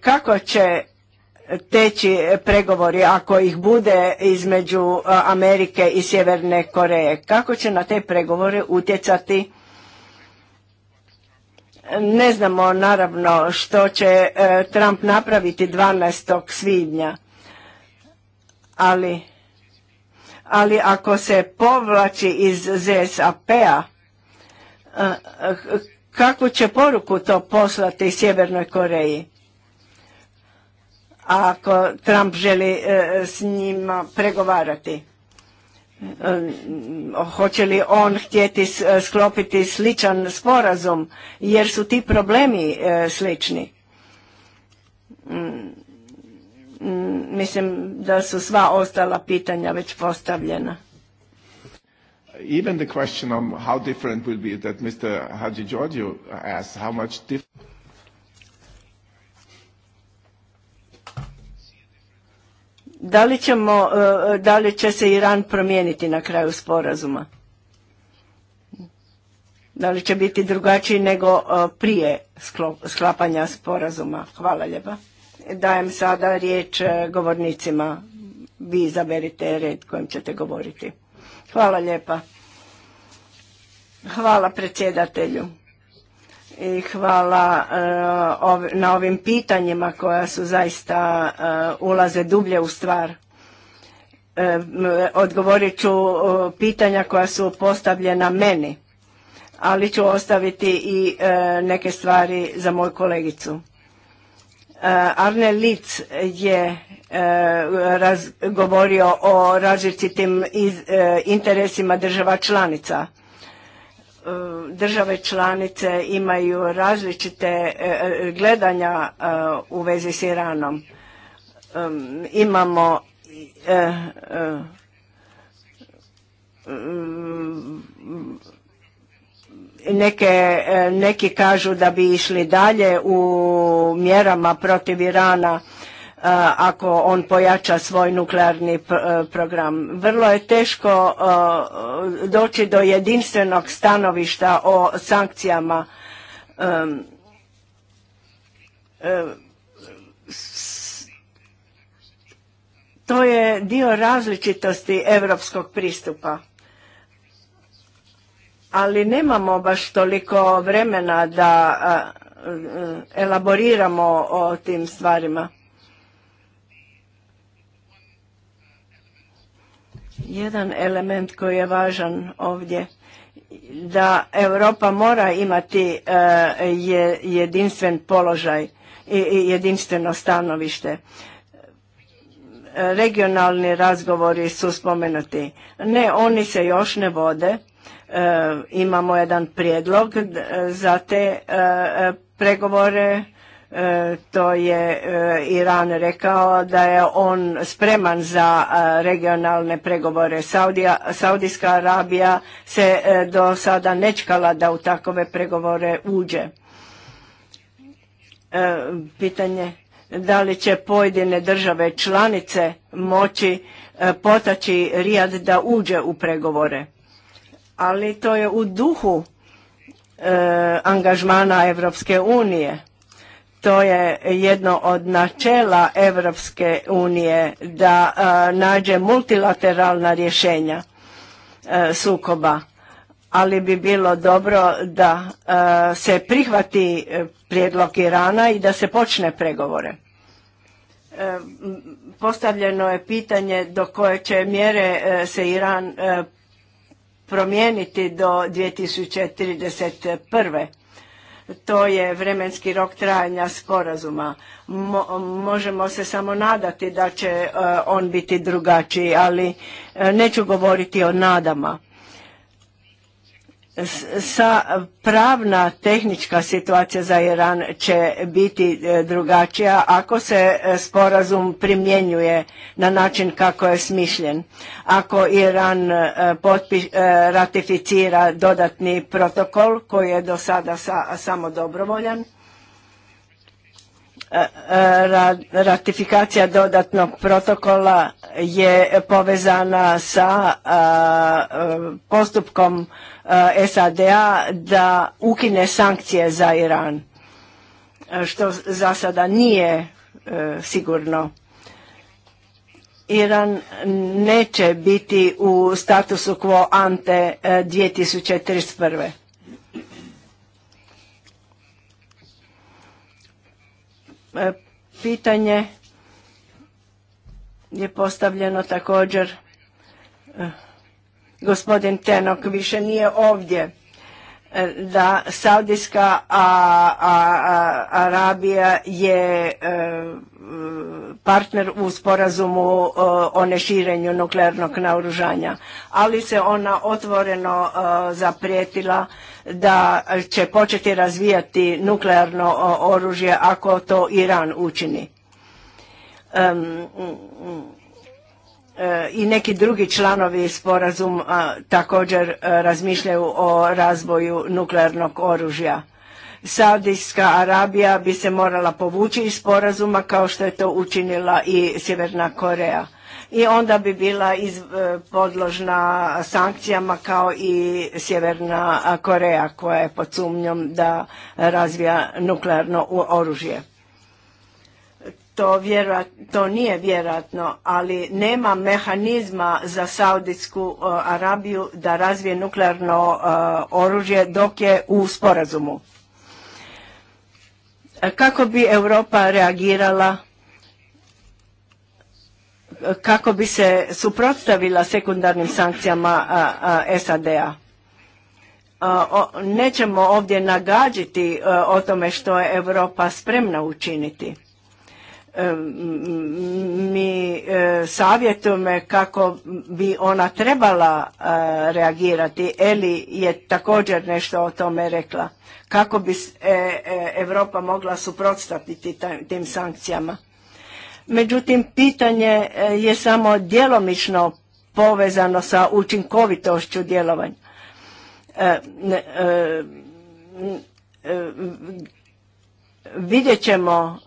kako će teći pregovori ako ih bude između Amerike i Sjeverne Koreje? Kako će na te pregovore utjecati? Ne znamo naravno što će e, Trump napraviti 12. svibnja, ali ali ako se povlači iz ZSAP-a, eh, kakvu će poruku to poslati Sjevernoj Koreji? Ako Trump želi eh, s njima pregovarati. Eh, hoće li on htjeti sklopiti sličan sporazum, jer su ti problemi slični? Mm. Mm, mislim da su sva ostala pitanja već postavljena. Even the question on how different will be that Mr. how much different... Da li, ćemo, e, da li će se Iran promijeniti na kraju sporazuma? Da li će biti drugačiji nego e, prije sklapanja sporazuma? Hvala lijepa. Dajem sada riječ e, govornicima. Vi izaberite red kojim ćete govoriti. Hvala lijepa. Hvala predsjedatelju i hvala e, na ovim pitanjima koja su zaista e, ulaze dublje u stvar. odgovorit ću pitanja koja su postavljena meni, ali ću ostaviti i neke stvari za moju kolegicu. Eh, Arne Litz je eh, govorio o različitim eh, interesima država članica. Države članice imaju različite gledanja u vezi s Iranom. Imamo E, neki kažu da bi išli dalje u mjerama protiv Irana e, ako on pojača svoj nuklearni e, program. Vrlo je teško doći do jedinstvenog stanovišta o sankcijama. To je dio različitosti europskog pristupa ali nemamo baš toliko vremena da e, elaboriramo o tim stvarima. Jedan element koji je važan ovdje da Europa mora imati e, jedinstven položaj i jedinstveno stanovište. Regionalni razgovori su spomenuti. Ne, oni se još ne vode E, imamo jedan prijedlog e, za te e, pregovore. To je Iran rekao da je on spreman za regionalne pregovore. Saudijska Arabija se do sada nečkala da u takove pregovore uđe. Pitanje da li će pojedine države članice moći potaći Rijad da uđe u pregovore ali to je u duhu e, angažmana Europske unije. To je jedno od načela Europske unije da e, nađe multilateralna rješenja e, sukoba, ali bi bilo dobro da se prihvati prijedlog Irana i da se počne pregovore postavljeno je pitanje do koje će mjere se Iran promijeniti do 2031. To je vremenski rok trajanja sporazuma. možemo se samo nadati da će e, on biti drugačiji, ali e, neću govoriti o nadama sa pravna tehnička situacija za Iran će biti e, drugačija ako se e, sporazum primjenjuje na način kako je smišljen. Ako Iran e, ratificira dodatni protokol koji je do sada samo dobrovoljan, E, e, ratifikacija dodatnog protokola je povezana sa e, postupkom SAD-a da ukine sankcije za Iran, što za sada nije sigurno. Iran neće biti u statusu quo ante 2031. E, pitanje je postavljeno također e, gospodin Tenok više nije ovdje e, da Saudijska Arabija je partner u sporazumu o neširenju nuklearnog naoružanja, ali se ona otvoreno zaprijetila da će početi razvijati nuklearno oružje ako to Iran učini. E, i neki drugi članovi sporazuma također e, razmišljaju o razvoju nuklearnog oružja. Saudijska Arabija bi se morala povući iz sporazuma kao što je to učinila i Sjeverna Koreja i onda bi bila iz, e, podložna sankcijama kao i Sjeverna Koreja koja je pod sumnjom da razvija nuklearno oružje. To, to nije vjerojatno, ali nema mehanizma za Saudijsku e, Arabiju da razvije nuklearno e, oružje dok je u sporazumu. Kako bi Europa reagirala kako bi se suprotstavila sekundarnim sankcijama SAD-a. Nećemo ovdje nagađiti e, o tome što je Europa spremna učiniti. E, mi e, savjetujemo kako bi ona trebala reagirati. Eli je također nešto o tome rekla. Kako bi Europa mogla suprotstaviti tim sankcijama. Međutim, pitanje e, je samo djelomično povezano sa učinkovitošću djelovanja. E, e, vidjet ćemo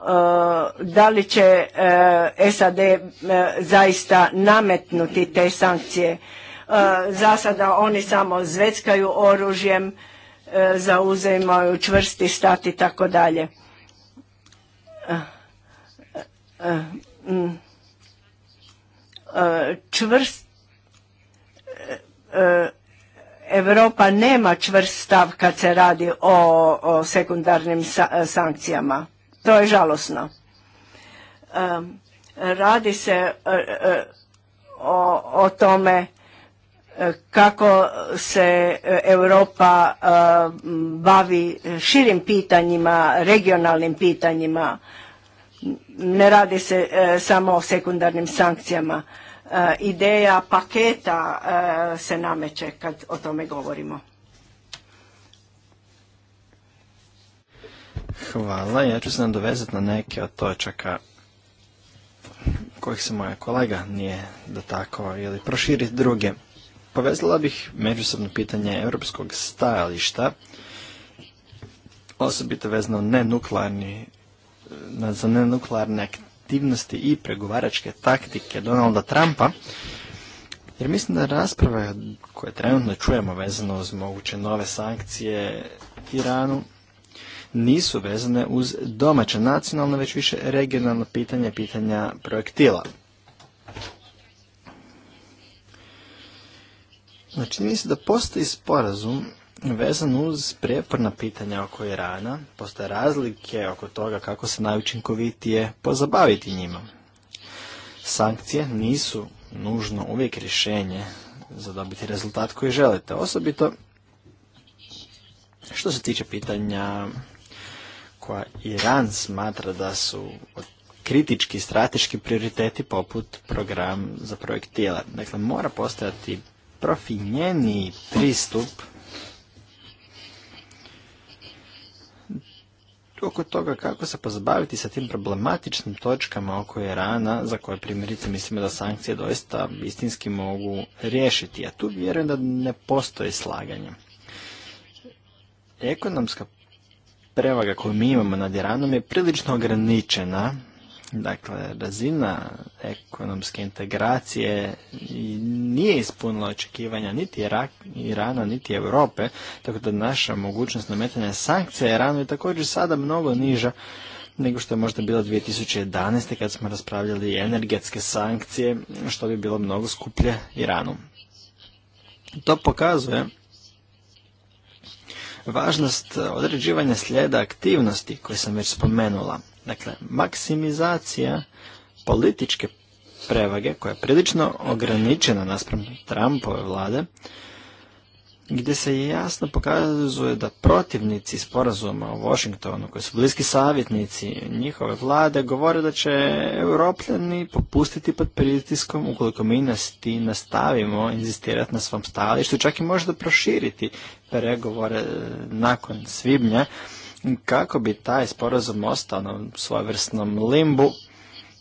da li će SAD zaista nametnuti te sankcije. Za sada oni samo zveckaju oružjem, zauzimaju čvrsti stat i tako dalje čvrst e, e, Europa nema čvrst stav kad se radi o, sekundarnim e, sankcijama. To je žalosno. Radi se o, o tome kako se Europa bavi širim pitanjima, regionalnim pitanjima, ne radi se e, samo o sekundarnim sankcijama. E, ideja paketa e, se nameće kad o tome govorimo. Hvala. Ja ću se nadovezati na neke od točaka kojih se moja kolega nije tako ili proširiti druge. Povezala bih međusobno pitanje europskog stajališta, osobito vezano nuklearni za nenuklearne aktivnosti i pregovaračke taktike Donalda Trumpa, jer mislim da rasprave koje trenutno čujemo vezano uz moguće nove sankcije Iranu nisu vezane uz domaće nacionalno, već više regionalno pitanja, pitanja projektila. Znači, mislim da postoji sporazum Vezano uz prijeporna pitanja oko Irana, postoje razlike oko toga kako se najučinkovitije pozabaviti njima. Sankcije nisu nužno uvijek rješenje za dobiti rezultat koji želite, osobito što se tiče pitanja koja Iran smatra da su kritički strateški prioriteti poput program za tijela. Dakle, mora postojati profinjeniji pristup oko toga kako se pozabaviti sa tim problematičnim točkama oko Irana, za koje primjerice mislimo da sankcije doista istinski mogu riješiti, a tu vjerujem da ne postoji slaganje. Ekonomska prevaga koju mi imamo nad Iranom je prilično ograničena Dakle, razina ekonomske integracije nije ispunila očekivanja niti Irak, Irana, niti Europe, tako da naša mogućnost nametanja sankcija Iranu je također sada mnogo niža nego što je možda bilo 2011. kad smo raspravljali energetske sankcije, što bi bilo mnogo skuplje Iranu. To pokazuje važnost određivanja slijeda aktivnosti koje sam već spomenula. Dakle, maksimizacija političke prevage koja je prilično ograničena naspram Trumpove vlade, gdje se jasno pokazuje da protivnici sporazuma u Washingtonu, koji su bliski savjetnici njihove vlade, govore da će europljani popustiti pod pritiskom ukoliko mi nastavimo inzistirati na svom stajalištu, čak i možda proširiti pregovore e, nakon svibnja, kako bi taj sporazum ostao na svojevrsnom limbu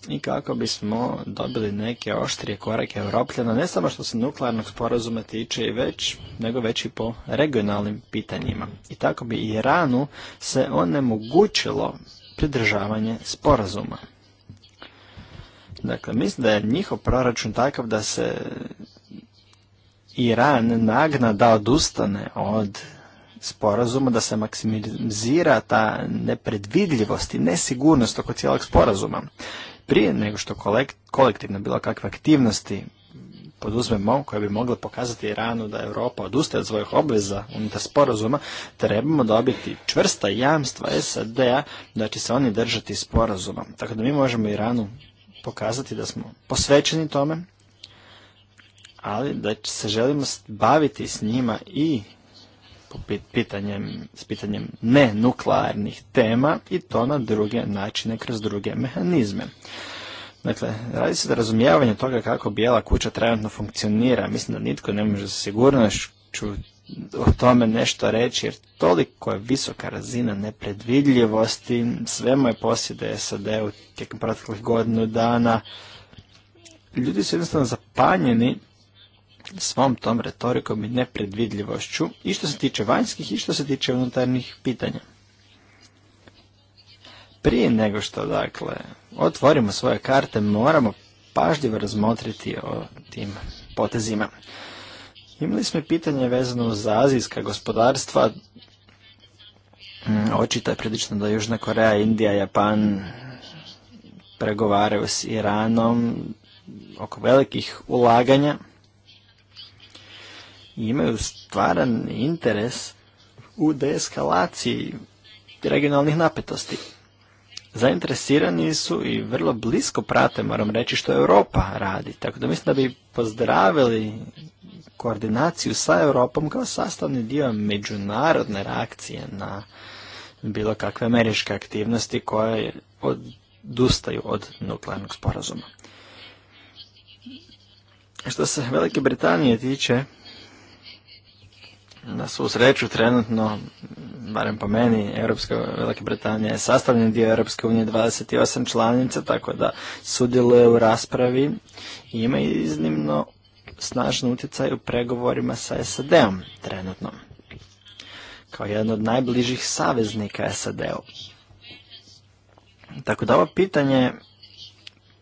i kako bismo dobili neke oštrije korake evropljana, ne samo što se nuklearnog sporazuma tiče, i već, nego već i po regionalnim pitanjima. I tako bi Iranu se onemogućilo pridržavanje sporazuma. Dakle, mislim da je njihov proračun takav da se Iran nagna da odustane od sporazuma, da se maksimizira ta nepredvidljivost i nesigurnost oko cijelog sporazuma. Prije nego što kolektivno bilo kakve aktivnosti poduzmemo koje bi mogle pokazati Iranu da Europa odustaje od svojih obveza unutar sporazuma, trebamo dobiti čvrsta jamstva SAD-a da će se oni držati sporazuma. Tako da mi možemo Iranu pokazati da smo posvećeni tome, ali da se želimo baviti s njima i po pitanjem, s pitanjem nenuklearnih tema i to na druge načine kroz druge mehanizme. Dakle, radi se o razumijevanju toga kako bijela kuća trenutno funkcionira. Mislim da nitko ne može sa sigurnošću o tome nešto reći, jer toliko je visoka razina nepredvidljivosti, sve moje posjede SAD-u tijekom proteklih godinu dana, ljudi su jednostavno zapanjeni svom tom retorikom i nepredvidljivošću i što se tiče vanjskih i što se tiče unutarnjih pitanja. Prije nego što, dakle, otvorimo svoje karte, moramo pažljivo razmotriti o tim potezima. Imali smo pitanje vezano za azijska gospodarstva. Mm, očito je prilično da Južna Koreja, Indija, Japan pregovaraju s Iranom oko velikih ulaganja imaju stvaran interes u deeskalaciji regionalnih napetosti. Zainteresirani su i vrlo blisko prate, moram reći, što Europa radi. Tako da mislim da bi pozdravili koordinaciju sa Europom kao sastavni dio međunarodne reakcije na bilo kakve američke aktivnosti koje odustaju od nuklearnog sporazuma. Što se Velike Britanije tiče, na svu sreću trenutno, barem po meni, Europska Velika Britanija je sastavljen dio Europske unije 28 članica, tako da sudjeluje u raspravi i ima iznimno snažan utjecaj u pregovorima sa SAD-om trenutno, kao jedan od najbližih saveznika SAD-u. Tako da ovo pitanje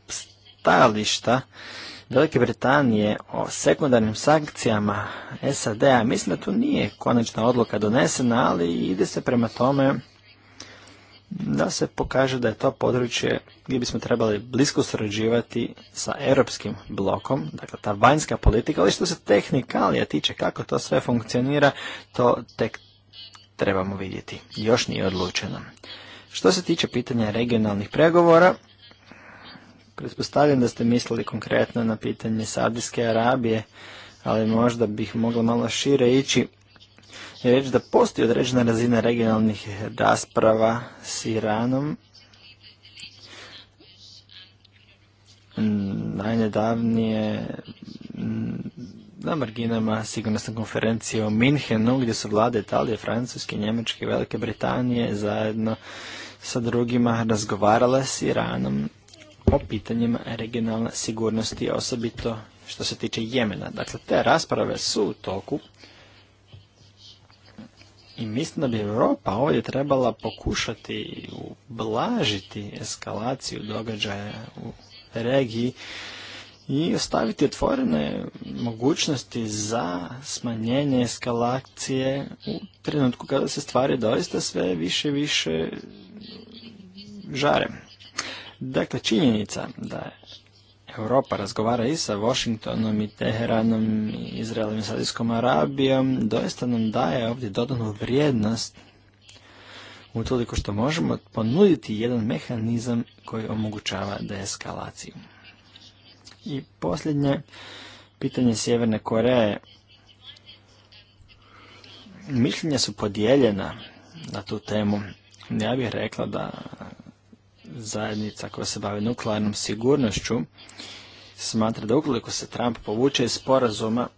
stajališta Velike Britanije o sekundarnim sankcijama SAD-a, mislim da tu nije konačna odluka donesena, ali ide se prema tome da se pokaže da je to područje gdje bismo trebali blisko surađivati sa europskim blokom, dakle ta vanjska politika, ali što se tehnikalija tiče, kako to sve funkcionira, to tek trebamo vidjeti. Još nije odlučeno. Što se tiče pitanja regionalnih pregovora, Pretpostavljam da ste mislili konkretno na pitanje Saudijske Arabije, ali možda bih mogla malo šire ići i reći da postoji određena razina regionalnih rasprava s Iranom. Najnedavnije na marginama sigurnosne konferencije u Minhenu gdje su vlade Italije, Francuske, Njemačke i Velike Britanije zajedno sa drugima razgovarale s Iranom o pitanjima regionalne sigurnosti, osobito što se tiče Jemena. Dakle, te rasprave su u toku i mislim da bi Europa ovdje trebala pokušati ublažiti eskalaciju događaja u regiji i ostaviti otvorene mogućnosti za smanjenje eskalacije u trenutku kada se stvari doista sve više i više žare. Dakle, činjenica da je Europa razgovara i sa Washingtonom i Teheranom i Izraelom i Sadijskom Arabijom, doista nam daje ovdje dodanu vrijednost utoliko što možemo ponuditi jedan mehanizam koji omogućava deeskalaciju. I posljednje pitanje Sjeverne Koreje. Mišljenja su podijeljena na tu temu. Ja bih rekla da zajednica koja se bavi nuklearnom sigurnošću smatra da ukoliko se Trump povuče iz sporazuma,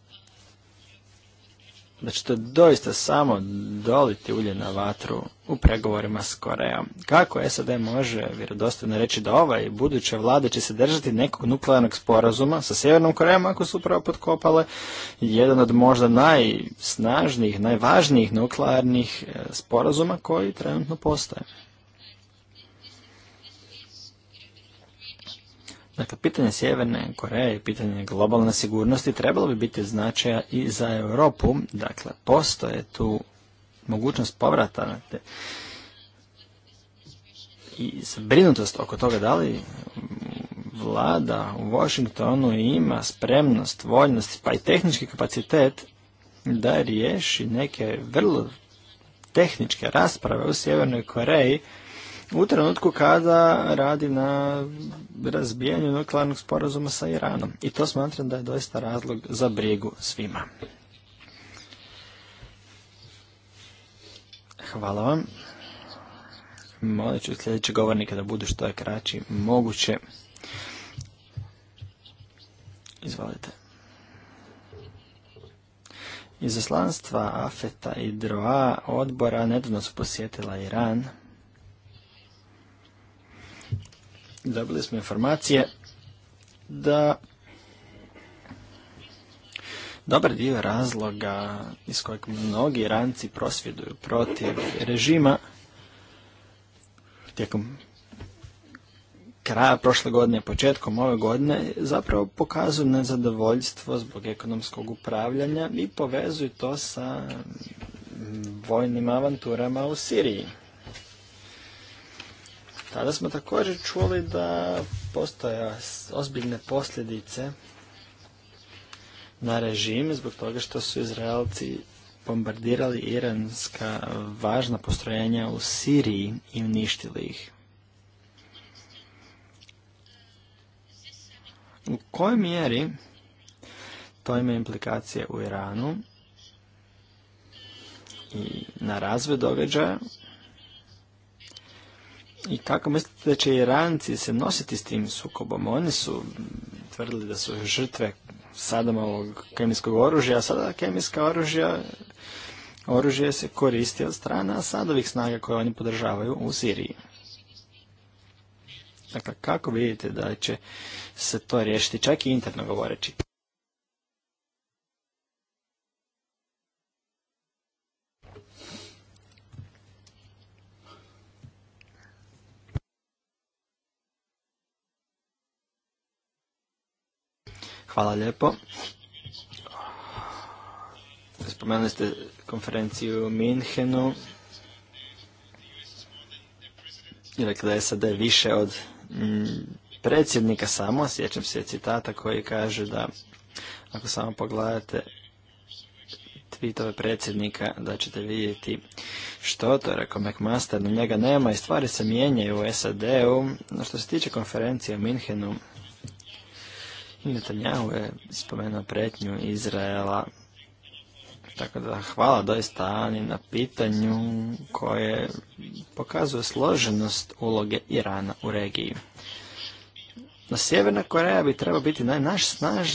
da će to doista samo doliti ulje na vatru u pregovorima s Korejom. Kako SAD može vjerodostojno reći da ova i buduća vlada će se držati nekog nuklearnog sporazuma sa Sjevernom Korejom ako su upravo potkopale jedan od možda najsnažnijih, najvažnijih nuklearnih e, sporazuma koji trenutno postoje? Dakle, pitanje Sjeverne Koreje i pitanje globalne sigurnosti trebalo bi biti značaja i za Europu. Dakle, postoje tu mogućnost povrata dakle, i zabrinutost oko toga da li vlada u Washingtonu ima spremnost, voljnost pa i tehnički kapacitet da riješi neke vrlo tehničke rasprave u Sjevernoj Koreji u trenutku kada radi na razbijanju nuklearnog sporazuma sa Iranom. I to smatram da je doista razlog za brigu svima. Hvala vam. Molit ću sljedećeg govornika da budu što je kraći moguće. Izvolite. Izaslanstva Afeta i Droa odbora nedavno su posjetila Iran. dobili smo informacije da dobar dio razloga iz kojeg mnogi ranci prosvjeduju protiv režima tijekom kraja prošle godine, početkom ove godine, zapravo pokazuju nezadovoljstvo zbog ekonomskog upravljanja i povezuju to sa vojnim avanturama u Siriji. Tada smo također čuli da postoje ozbiljne posljedice na režim zbog toga što su Izraelci bombardirali iranska važna postrojenja u Siriji i uništili ih. U kojoj mjeri to ima implikacije u Iranu i na razvoj događaja i kako mislite da će Iranci se nositi s tim sukobom? Oni su tvrdili da su žrtve ovog kemijskog oružja, a sada kemijska oružja oružje se koristi od strana Sadovih snaga koje oni podržavaju u Siriji. Dakle, kako vidite da će se to riješiti, čak i interno govoreći? Hvala lijepo. Spomenuli ste konferenciju u Minhenu i rekli da je sada više od mm, predsjednika samo, sjećam se citata koji kaže da ako samo pogledate tweetove predsjednika da ćete vidjeti što to je rekao McMaster, njega nema i stvari se mijenjaju u SAD-u. No što se tiče konferencije u Minhenu, Netanjahu je spomenuo pretnju Izraela, tako da hvala doista Ani na pitanju koje pokazuje složenost uloge Irana u regiji. Na Sjeverna Koreja bi trebao biti naj, naš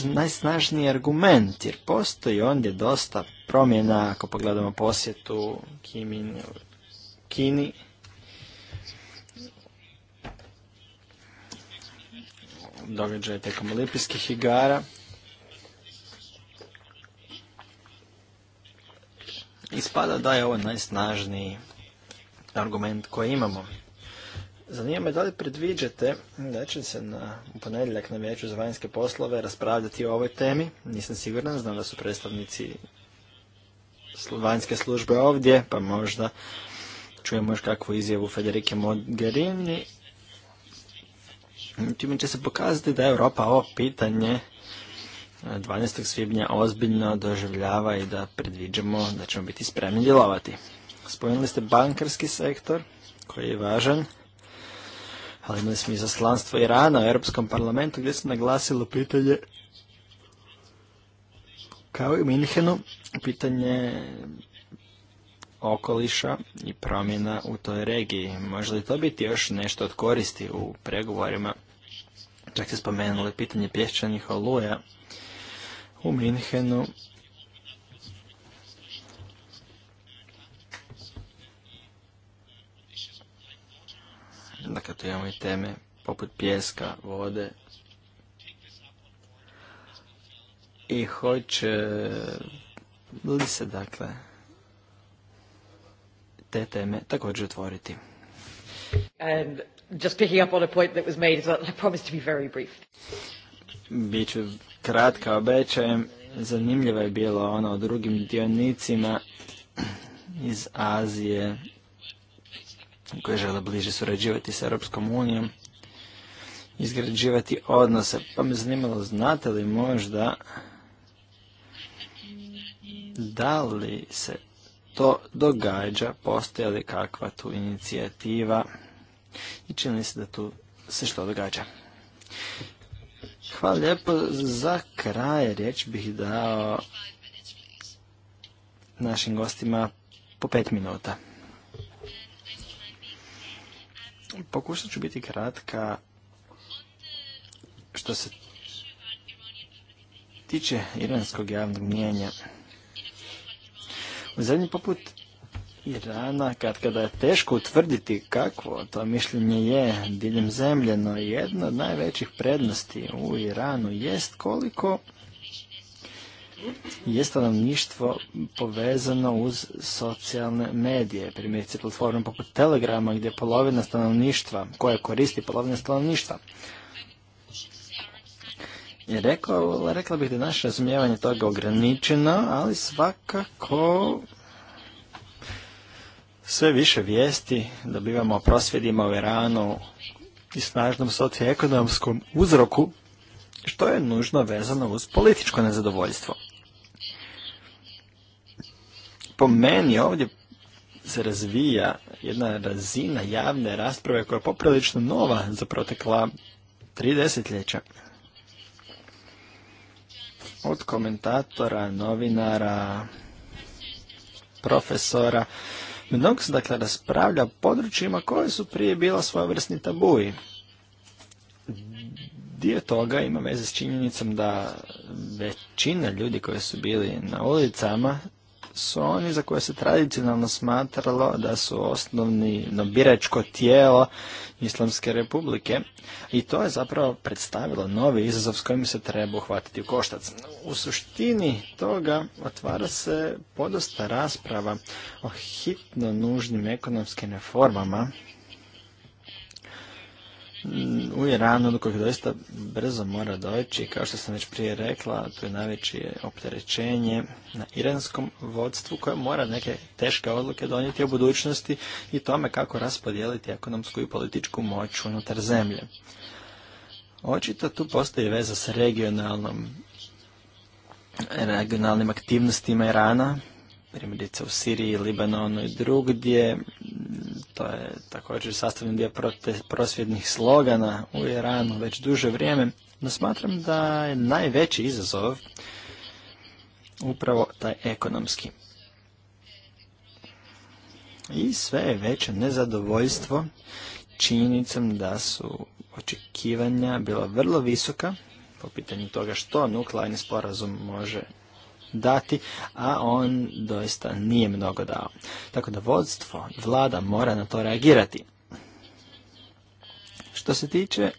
najsnažniji argument, jer postoji ondje dosta promjena, ako pogledamo posjetu Kimin, Kini, događaje tijekom olimpijskih igara. Ispada da je ovo najsnažniji argument koji imamo. Zanima me da li predviđate da će se na, u ponedjeljak na vijeću za vanjske poslove raspravljati o ovoj temi. Nisam siguran, znam da su predstavnici vanjske službe ovdje, pa možda čujemo još kakvu izjavu Federike Mogherini time će se pokazati da Europa ovo pitanje 12. E, svibnja ozbiljno doživljava i da predviđamo da ćemo biti spremni djelovati. Spomenuli ste bankarski sektor koji je važan, ali imali smo izaslanstvo Irana u Europskom parlamentu gdje se naglasilo pitanje kao i u Minhenu, pitanje okoliša i promjena u toj regiji. Može li to biti još nešto od koristi u pregovorima? Čak se spomenuli pitanje pješčanih oluja u Minhenu. Dakle, tu imamo i teme poput pjeska, vode. I hoće li se, dakle, te teme također otvoriti. I Biću kratka obećajem. Zanimljivo je bilo ono o drugim dionicima iz Azije koje žele bliže surađivati sa Europskom unijom, izgrađivati odnose. Pa me zanimalo, znate li možda da li se to događa, postoje li kakva tu inicijativa i čini se da tu se što događa. Hvala lijepo. Za kraj riječ bih dao našim gostima po pet minuta. Pokušat ću biti kratka što se tiče iranskog javnog mnjenja. Zadnji poput Irana, kad kada je teško utvrditi kakvo to mišljenje je diljem zemlje, no jedna od najvećih prednosti u Iranu jest koliko je stanovništvo povezano uz socijalne medije, primjerice platforma poput Telegrama gdje polovina stanovništva, koja koristi polovina stanovništva, i rekao, rekla bih da je naše razumijevanje toga ograničeno, ali svakako sve više vijesti dobivamo o prosvjedima u Iranu i snažnom socioekonomskom uzroku, što je nužno vezano uz političko nezadovoljstvo. Po meni ovdje se razvija jedna razina javne rasprave koja je poprilično nova za protekla tri desetljeća od komentatora, novinara, profesora. Mnogo se dakle raspravlja o područjima koje su prije bila svojevrsni tabuji. Dio toga ima veze s činjenicom da većina ljudi koji su bili na ulicama su oni za koje se tradicionalno smatralo da su osnovni biračko tijelo Islamske republike i to je zapravo predstavilo novi izazov s kojim se treba uhvatiti u koštac. U suštini toga otvara se podosta rasprava o hitno nužnim ekonomskim reformama u Iranu do kojih doista brzo mora doći. Kao što sam već prije rekla, to je najveće opterećenje na iranskom vodstvu koje mora neke teške odluke donijeti o budućnosti i tome kako raspodijeliti ekonomsku i političku moć unutar zemlje. Očito tu postoji veza sa regionalnom regionalnim aktivnostima Irana, primjerice u Siriji, Libanonu i drugdje, to je također sastavni dio prosvjednih slogana u Iranu već duže vrijeme. No smatram da je najveći izazov upravo taj ekonomski. I sve je veće nezadovoljstvo činjenicom da su očekivanja bila vrlo visoka po pitanju toga što nuklearni sporazum može dati, a on doista nije mnogo dao. Tako da vodstvo, vlada mora na to reagirati. Što se tiče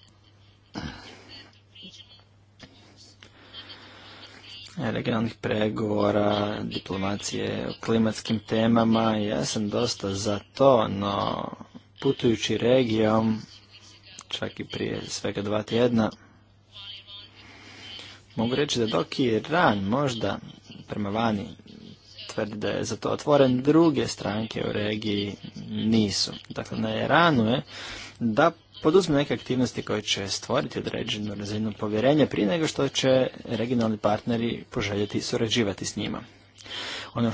regionalnih pregovora, diplomacije o klimatskim temama, ja sam dosta za to, no putujući regijom, čak i prije svega dva tjedna, mogu reći da dok ran možda prema vani tvrdi da je za to otvoren, druge stranke u regiji nisu. Dakle, na Iranu je da poduzme neke aktivnosti koje će stvoriti određenu razinu povjerenja prije nego što će regionalni partneri poželjeti surađivati s njima. Ono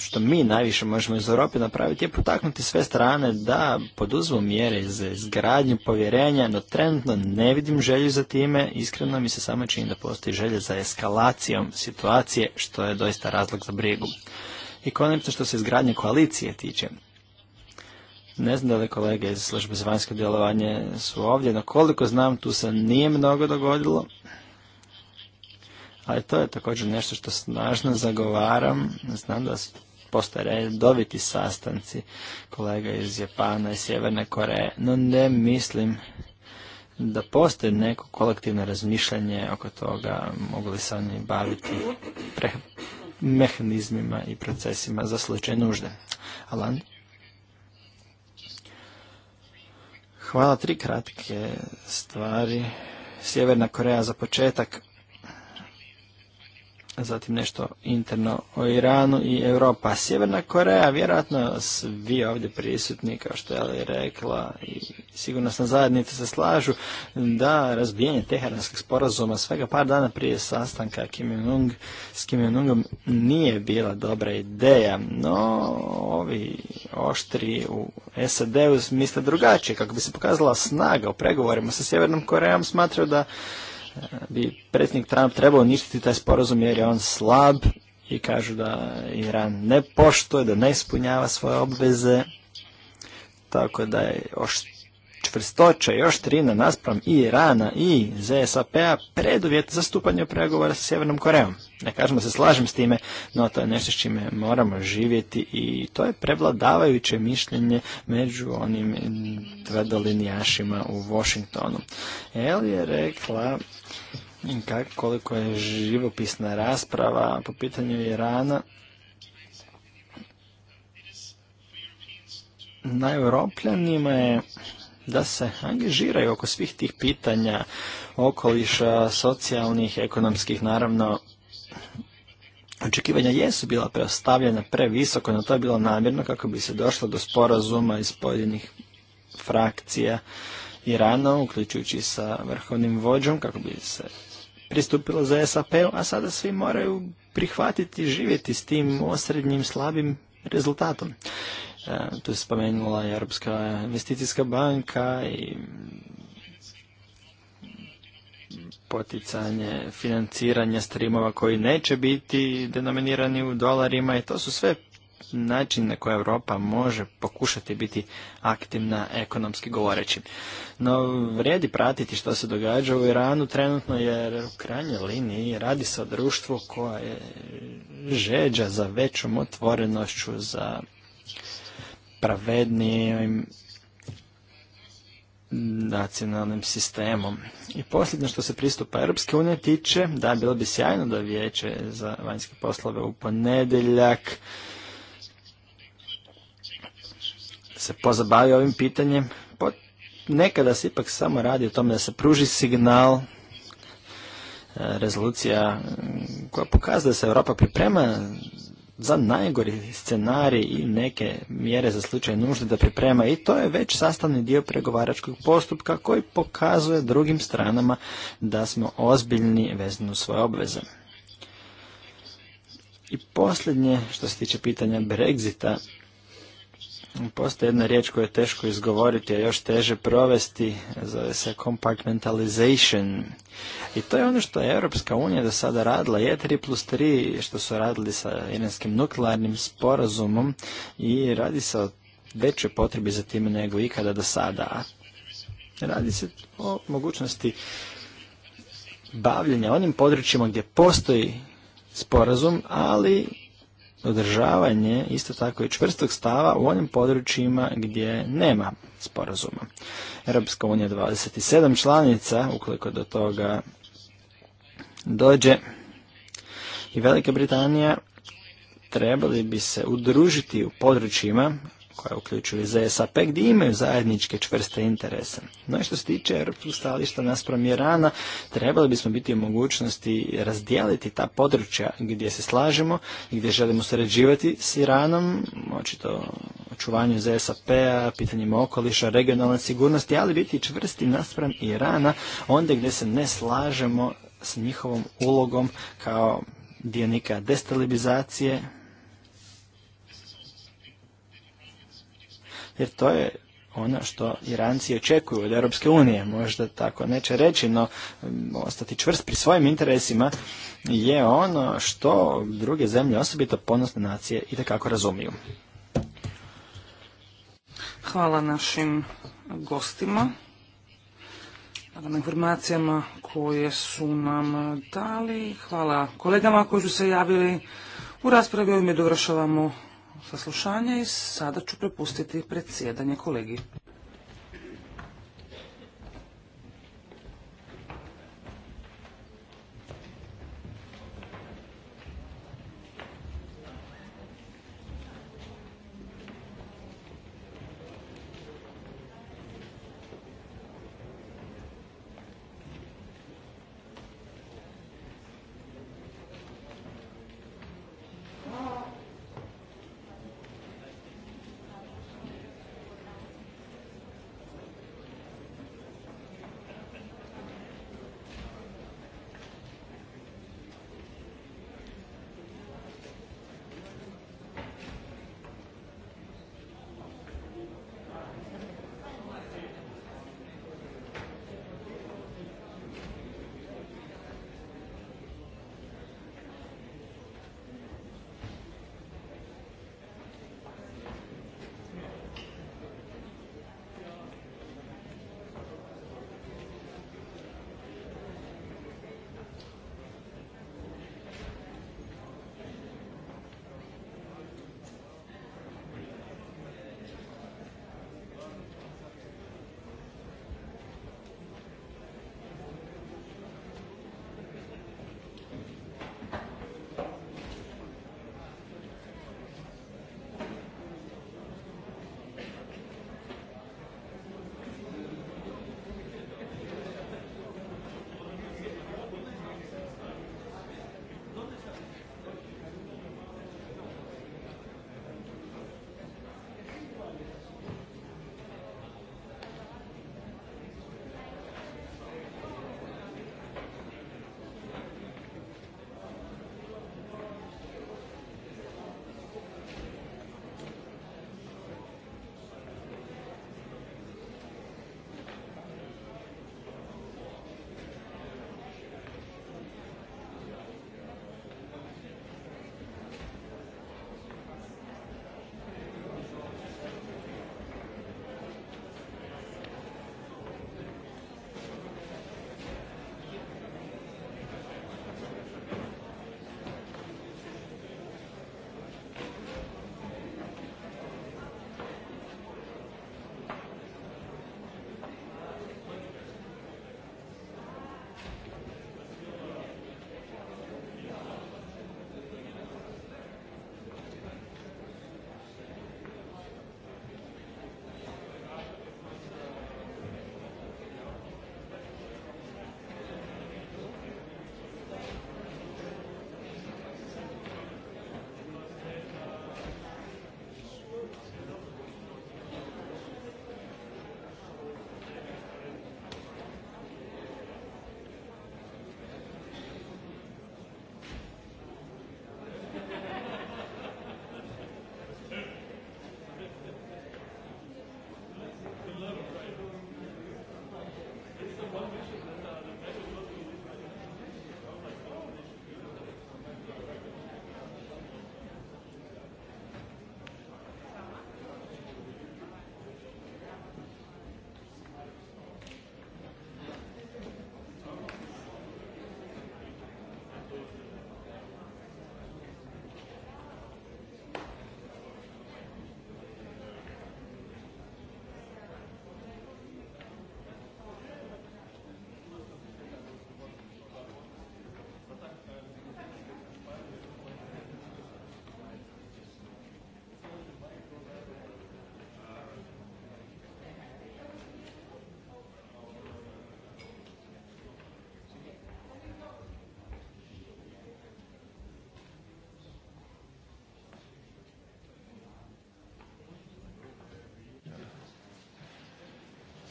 što mi najviše možemo iz Europe napraviti je potaknuti sve strane da poduzmu mjere za izgradnju povjerenja, no trenutno ne vidim želju za time. Iskreno mi se samo čini da postoji želja za eskalacijom situacije, što je doista razlog za brigu. I konačno što se izgradnje koalicije tiče, ne znam da li kolege iz službe za vanjsko djelovanje su ovdje, no koliko znam tu se nije mnogo dogodilo ali to je također nešto što snažno zagovaram. Znam da postoje redoviti sastanci kolega iz Japana i Sjeverne Koreje, no ne mislim da postoje neko kolektivno razmišljanje oko toga mogu li se oni baviti mehanizmima i procesima za slučaj nužde. Alan? Hvala, tri kratke stvari. Sjeverna Koreja za početak zatim nešto interno o Iranu i Europa. Sjeverna Koreja, vjerojatno svi ovdje prisutni, kao što je Ali rekla, i sigurno sam zajednica se slažu, da razbijenje teheranskih sporazuma svega par dana prije sastanka Kim Jong s Kim nije bila dobra ideja, no ovi oštri u SAD-u misle drugačije, kako bi se pokazala snaga u pregovorima sa Sjevernom Korejom, smatraju da bi predsjednik Trump trebao uništiti taj sporazum jer je on slab i kažu da Iran ne poštuje, da ne ispunjava svoje obveze. Tako da je još čvrstoća, još trina naspram i Irana i ZSAP-a preduvjet za stupanje pregovora sa Sjevernom Korejom. Ne kažemo se slažem s time, no to je nešto s čime moramo živjeti i to je prevladavajuće mišljenje među onim tvrdolinijašima u Washingtonu. El je rekla koliko je živopisna rasprava po pitanju Irana na Europljanima je da se angažiraju oko svih tih pitanja okoliša, socijalnih, ekonomskih, naravno Očekivanja jesu bila preostavljena previsoko, no to je bilo namjerno kako bi se došlo do sporazuma iz pojedinih frakcija Irana, uključujući sa vrhovnim vođom, kako bi se pristupilo za sap a sada svi moraju prihvatiti živjeti s tim osrednjim slabim rezultatom. To e, tu spomenula i Europska investicijska banka i poticanje financiranja streamova koji neće biti denominirani u dolarima i to su sve način na koji Europa može pokušati biti aktivna ekonomski govoreći. No vrijedi pratiti što se događa u Iranu trenutno jer u krajnjoj liniji radi se o društvu koje žeđa za većom otvorenošću, za pravednijim nacionalnim sistemom. I posljedno što se pristupa Europske unije tiče, da, bilo bi sjajno da vijeće za vanjske poslove u ponedeljak se pozabavi ovim pitanjem. Nekada se ipak samo radi o tome da se pruži signal e, rezolucija koja pokazuje da se Europa priprema za najgori scenarij i neke mjere za slučaj nužde da priprema i to je već sastavni dio pregovaračkog postupka koji pokazuje drugim stranama da smo ozbiljni vezano u svoje obveze. I posljednje što se tiče pitanja Brexita, Postoji jedna riječ koju je teško izgovoriti, a još teže provesti, zove se compartmentalization. I to je ono što je Europska unija do sada radila, je 3 plus 3, što su radili sa iranskim nuklearnim sporazumom i radi se o većoj potrebi za time nego ikada do sada. Radi se o mogućnosti bavljenja onim područjima gdje postoji sporazum, ali održavanje isto tako i čvrstog stava u onim područjima gdje nema sporazuma. Europska unija 27 članica, ukoliko do toga dođe, i Velika Britanija trebali bi se udružiti u područjima koja uključuju ZSAP gdje imaju zajedničke čvrste interese. No i što se tiče europskog stališta naspram Irana, trebali bismo biti u mogućnosti razdijeliti ta područja gdje se slažemo i gdje želimo sređivati s Iranom, očito očuvanju ZSAP-a, pitanjima okoliša, regionalne sigurnosti, ali biti čvrsti naspram Irana onda gdje se ne slažemo s njihovom ulogom kao dionika destabilizacije jer to je ono što Iranci očekuju od Europske unije. Možda tako neće reći, no mm, ostati čvrst pri svojim interesima je ono što druge zemlje, osobito ponosne nacije, i itekako razumiju. Hvala našim gostima na informacijama koje su nam dali. Hvala kolegama koji su se javili u raspravi. Ovime dovršavamo saslušanje i sada ću prepustiti predsjedanje kolegi.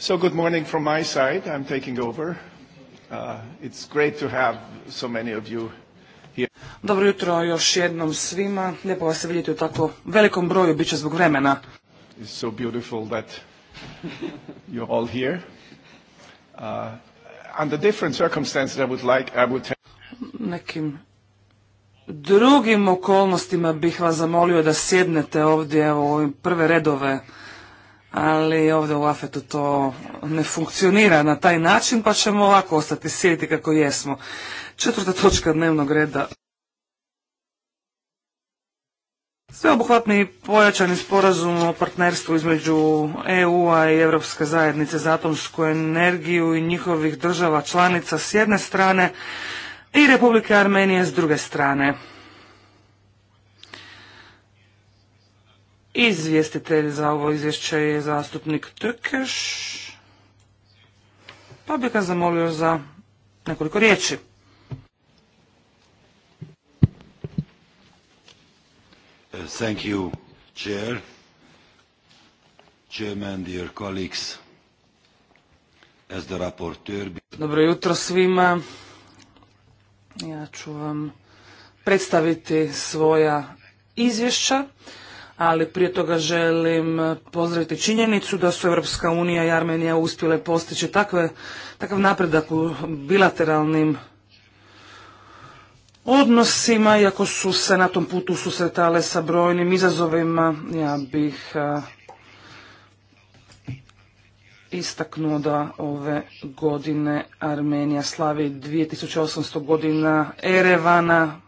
So good morning from my side. I'm taking over. Uh, it's great to have so many of you here. Dobro jutro još jednom svima. Lijepo vas se vidjeti u tako velikom broju, bit će zbog vremena. It's so beautiful that you're all here. Uh, under different circumstances I would like, I would... Nekim drugim okolnostima bih vas zamolio da sjednete ovdje u prve redove ali ovdje u Afetu to ne funkcionira na taj način, pa ćemo ovako ostati sjediti kako jesmo. Četvrta točka dnevnog reda. Sveobuhvatni pojačani sporazum o partnerstvu između EU-a i Europske zajednice za atomsku energiju i njihovih država članica s jedne strane i Republike Armenije s druge strane. Izvjestitelj za ovo izvješće je zastupnik Trkeš, pa bih ga zamolio za nekoliko riječi. Thank you, Chair, Chairman, dear colleagues, as Dobro jutro svima. Ja ću vam predstaviti svoja izvješća ali prije toga želim pozdraviti činjenicu da su Europska unija i Armenija uspjele postići takav napredak u bilateralnim odnosima, iako su se na tom putu susretale sa brojnim izazovima, ja bih istaknuo da ove godine Armenija slavi 2800 godina Erevana,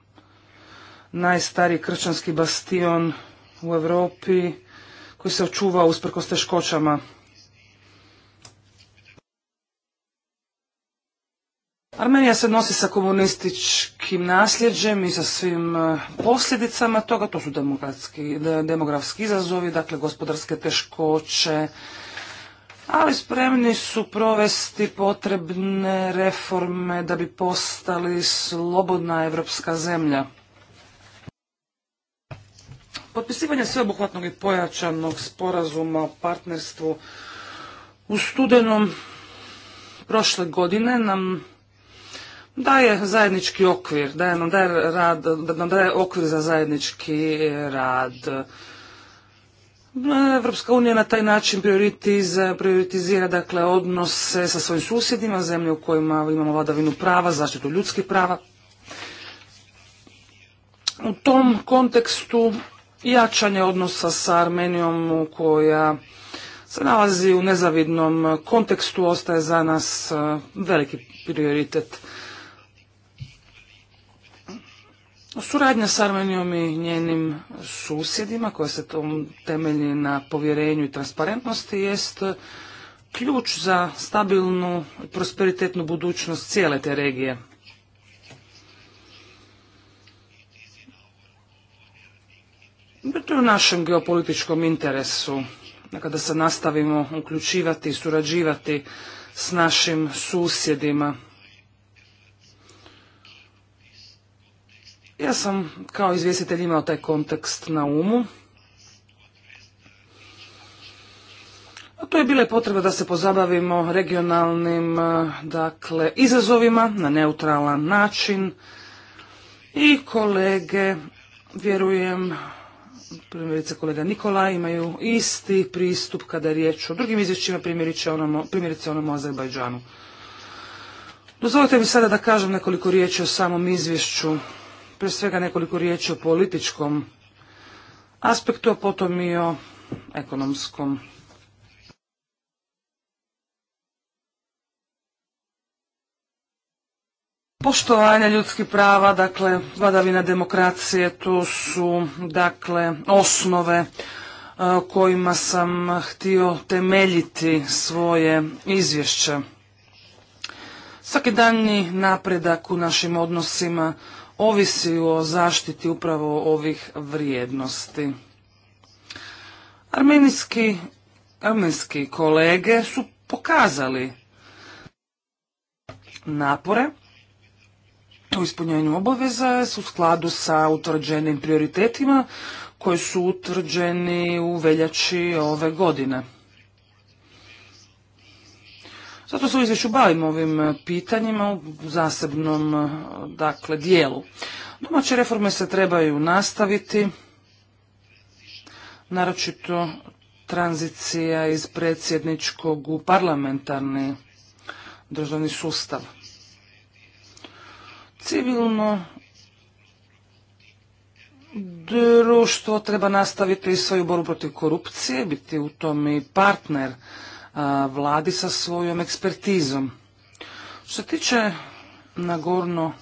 najstariji kršćanski bastion u Europi koji se očuva usprkos teškoćama. Armenija se nosi sa komunističkim nasljeđem i sa svim e, posljedicama toga, to su demografski, demografski izazovi, dakle gospodarske teškoće, ali spremni su provesti potrebne reforme da bi postali slobodna evropska zemlja. Potpisivanje sveobuhvatnog i pojačanog sporazuma o partnerstvu u studenom prošle godine nam daje zajednički okvir, daje nam daje, rad, nam daje okvir za zajednički rad. Evropska unija na taj način prioritizira dakle, odnose sa svojim susjedima, zemlje u kojima imamo vladavinu prava, zaštitu ljudskih prava. U tom kontekstu jačanje odnosa sa Armenijom koja se nalazi u nezavidnom kontekstu, ostaje za nas e, veliki prioritet. Suradnja s Armenijom i njenim susjedima, koja se temelji na povjerenju i transparentnosti, jest ključ za stabilnu i prosperitetnu budućnost cijele te regije. To je u našem geopolitičkom interesu kada se nastavimo uključivati i surađivati s našim susjedima. Ja sam kao izvjestitelj imao taj kontekst na umu. A to je bila potreba da se pozabavimo regionalnim dakle, izazovima na neutralan način i kolege, vjerujem, primjerice kolega Nikola imaju isti pristup kada je riječ o drugim izvješćima, primjerice onom, o Azerbajdžanu. Dozvolite mi sada da kažem nekoliko riječi o samom izvješću, pre svega nekoliko riječi o političkom aspektu, a potom i o ekonomskom Poštovanje ljudskih prava, dakle, vladavina demokracije, to su, dakle, osnove e, kojima sam htio temeljiti svoje izvješće. Svaki danji napredak u našim odnosima ovisi o zaštiti upravo ovih vrijednosti. Armenijski, armenski kolege su pokazali napore u ispunjenju obaveza su u skladu sa utvrđenim prioritetima koji su utvrđeni u veljači ove godine. Zato se u izvješću bavimo ovim pitanjima u zasebnom dakle, dijelu. Domaće reforme se trebaju nastaviti, naročito tranzicija iz predsjedničkog u parlamentarni državni sustav. Civilno društvo treba nastaviti svoju borbu protiv korupcije, biti u tom i partner vladi sa svojom ekspertizom. Što se tiče Nagorno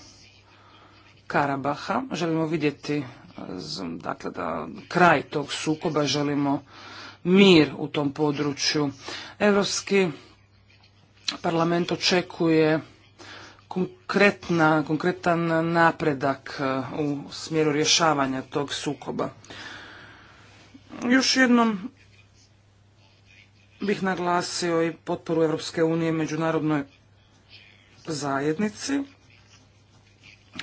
Karabaha, želimo vidjeti dakle, da kraj tog sukoba, želimo mir u tom području. Europski parlament očekuje konkretna, konkretan napredak e, u smjeru rješavanja tog sukoba. Još jednom bih naglasio i potporu Europske unije međunarodnoj zajednici,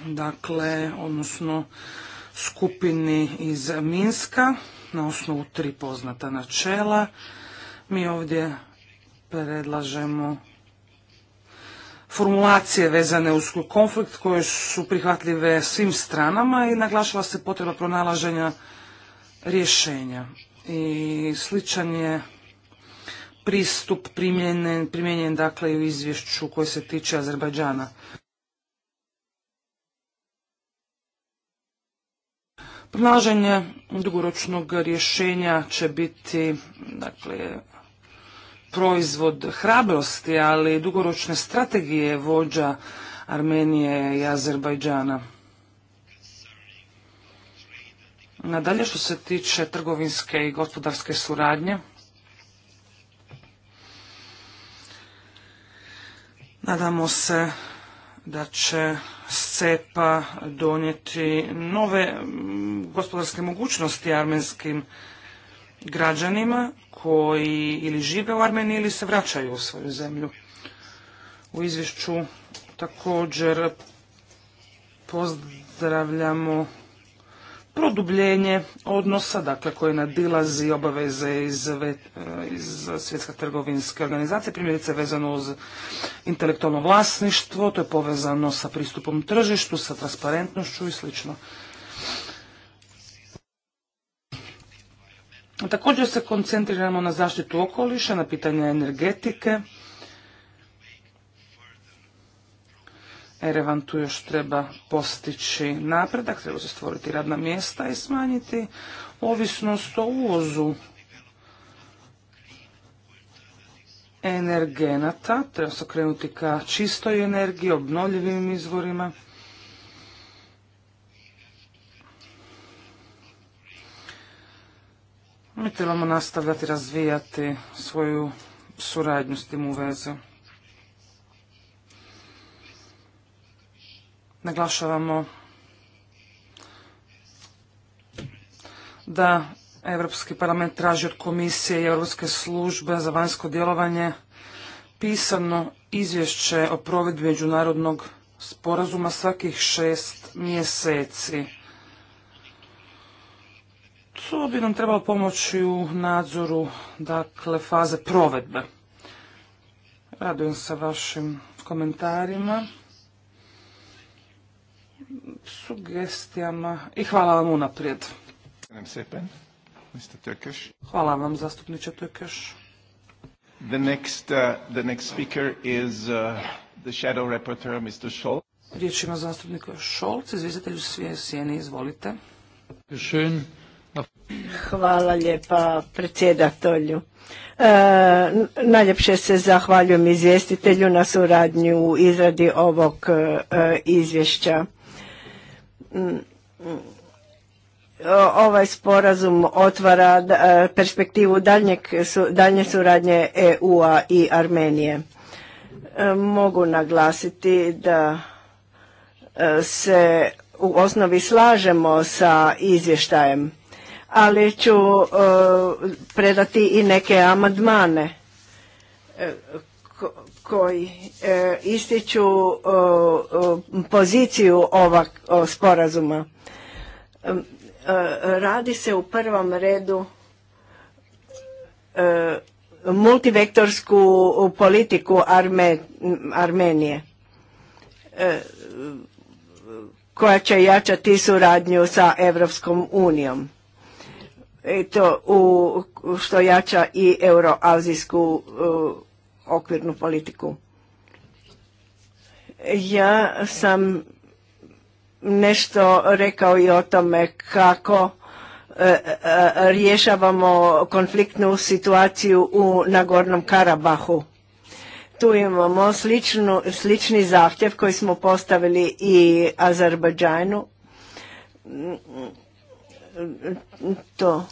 dakle, odnosno skupini iz Minska na osnovu tri poznata načela. Mi ovdje predlažemo formulacije vezane uz konflikt koje su prihvatljive svim stranama i naglašava se potreba pronalaženja rješenja. I sličan je pristup primjenjen, primjenjen dakle u izvješću koje se tiče Azerbajdžana. Pronalaženje dugoročnog rješenja će biti dakle, proizvod hrabrosti, ali i dugoročne strategije vođa Armenije i Azerbajdžana. Nadalje što se tiče trgovinske i gospodarske suradnje, nadamo se da će SCEPA donijeti nove mm, gospodarske mogućnosti armenskim građanima koji ili žive u Armeniji ili se vraćaju u svoju zemlju. U izvješću također pozdravljamo produbljenje odnosa, dakle koje nadilazi obaveze iz, iz svjetske trgovinske organizacije, primjerice vezano uz intelektualno vlasništvo, to je povezano sa pristupom tržištu, sa transparentnošću i slično. Također se koncentriramo na zaštitu okoliša, na pitanje energetike. Erevan tu još treba postići napredak, treba se stvoriti radna mjesta i smanjiti ovisnost o uvozu energenata, treba se krenuti ka čistoj energiji, obnovljivim izvorima. Mi trebamo nastavljati razvijati svoju suradnju s tim u vezi. Naglašavamo da Europski parlament traži od komisije i Europske službe za vanjsko djelovanje pisano izvješće o provedbi međunarodnog sporazuma svakih šest mjeseci. Ovo bi nam trebalo pomoći u nadzoru dakle, faze provedbe. Radujem se vašim komentarima, sugestijama i hvala vam unaprijed. Hvala vam, zastupniče Tökeš. The next, uh, the next speaker is uh, the Scholz. Riječ ima zastupnik Scholz, u sjeni, izvolite. Schön. Hvala lijepa predsjedatelju. E, najljepše se zahvaljujem izvjestitelju na suradnju u izradi ovog e, izvješća. Ovaj sporazum otvara e, perspektivu daljnjeg, daljnje suradnje EU-a i Armenije. Mogu naglasiti da se u osnovi slažemo sa izvještajem ali ću e, predati i neke amandmane e, koji e, ističu poziciju ovog sporazuma. Radi se u prvom redu multivektorsku politiku Armenije koja će jačati suradnju sa Europskom unijom to u, što jača i euroazijsku okvirnu politiku. Ja sam nešto rekao i o tome kako e, e, rješavamo konfliktnu situaciju u Nagornom Karabahu. Tu imamo sličnu, slični zahtjev koji smo postavili i Azerbajdžanu to,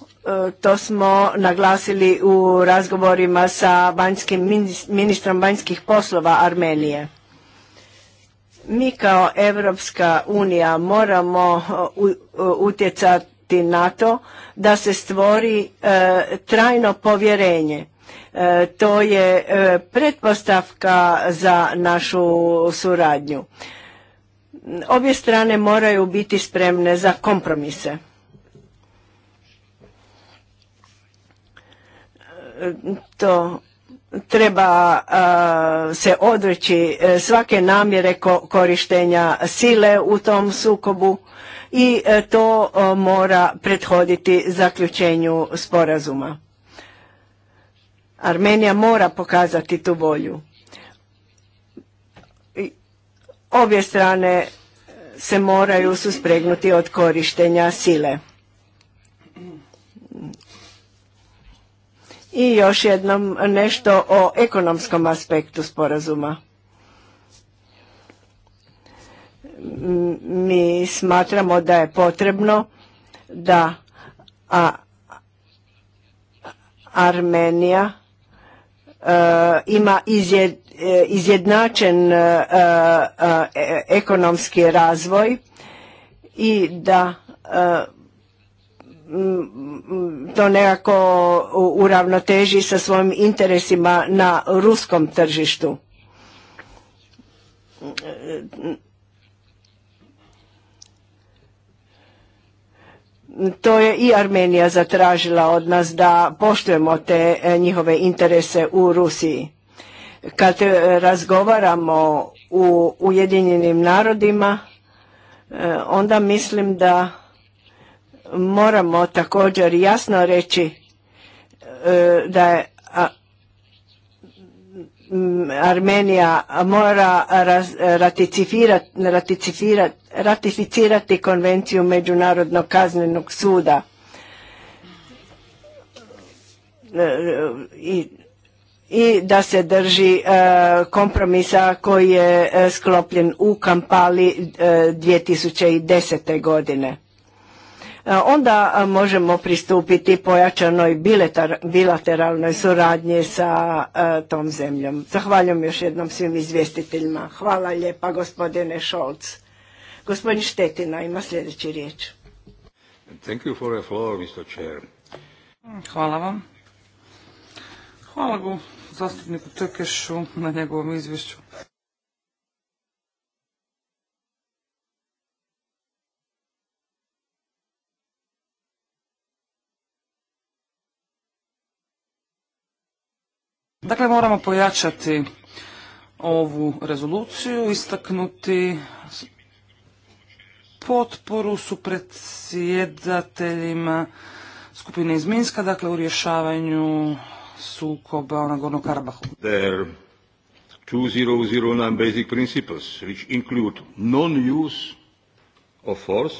to smo naglasili u razgovorima sa banjskim, ministrom vanjskih poslova Armenije. Mi kao Evropska unija moramo utjecati na to da se stvori e, trajno povjerenje. E, to je e, pretpostavka za našu suradnju. Obje strane moraju biti spremne za kompromise. to treba se odreći e, svake namjere korištenja sile u tom sukobu i e, to mora prethoditi zaključenju sporazuma. Armenija mora pokazati tu volju. Obje strane se moraju suspregnuti od korištenja sile i još jednom nešto o ekonomskom aspektu sporazuma. Mi smatramo da je potrebno da Armenija e, ima e, izjednačen e, ekonomski razvoj i da to nekako uravnoteži sa svojim interesima na ruskom tržištu. To je i Armenija zatražila od nas da poštujemo te e, njihove interese u Rusiji. Kad e, razgovaramo u Ujedinjenim narodima, e, onda mislim da moramo također jasno reći e, da je Armenija mora ratificirati konvenciju Međunarodnog kaznenog suda e, i, da se drži e, kompromisa koji je sklopljen u Kampali 2010. godine. E, onda možemo pristupiti pojačanoj bilateralnoj suradnji sa e, tom zemljom. Zahvaljujem još jednom svim izvjestiteljima. Hvala lijepa gospodine Šolc. Gospodin Štetina ima sljedeći riječ. Thank you Hvala vam. Hvala zastupniku Tekešu na njegovom izvješću. Dakle, moramo pojačati ovu rezoluciju, istaknuti potporu su predsjedateljima skupine iz Minska, dakle u rješavanju sukoba na Gornom Karabahu. are 2009 basic principles, which include non-use of force.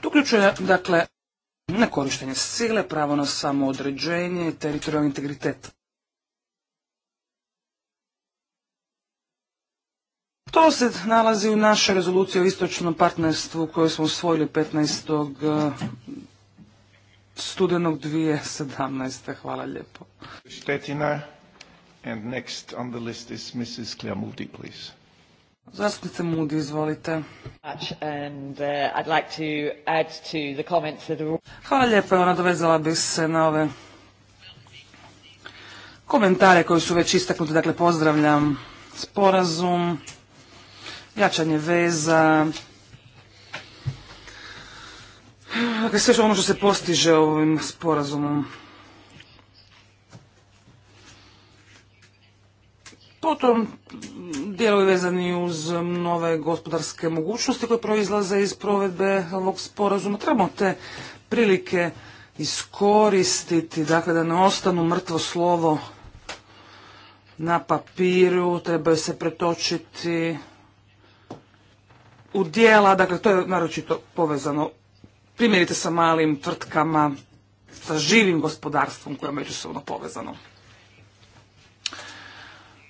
To uključuje, dakle, nekorištenje sile, pravo na samoodređenje, teritorijalni integritet. To se nalazi u našoj rezoluciji o istočnom partnerstvu koju smo usvojili 15. Eh, studenog 2017. Hvala lijepo. Štetina. And next on the list is Mrs. Claire Moody, please. Zastupnice Moody, izvolite. Hvala lijepo, nadovezala bih se na ove komentare koji su već istaknuti. Dakle, pozdravljam sporazum jačanje veza, dakle sve ono što se postiže ovim sporazumom. Potom dijelovi vezani uz nove gospodarske mogućnosti koje proizlaze iz provedbe ovog sporazuma. Trebamo te prilike iskoristiti, dakle da ne ostanu mrtvo slovo na papiru, trebaju se pretočiti u dijela, dakle to je naročito povezano primjerite sa malim tvrtkama, sa živim gospodarstvom koje je međusobno povezano.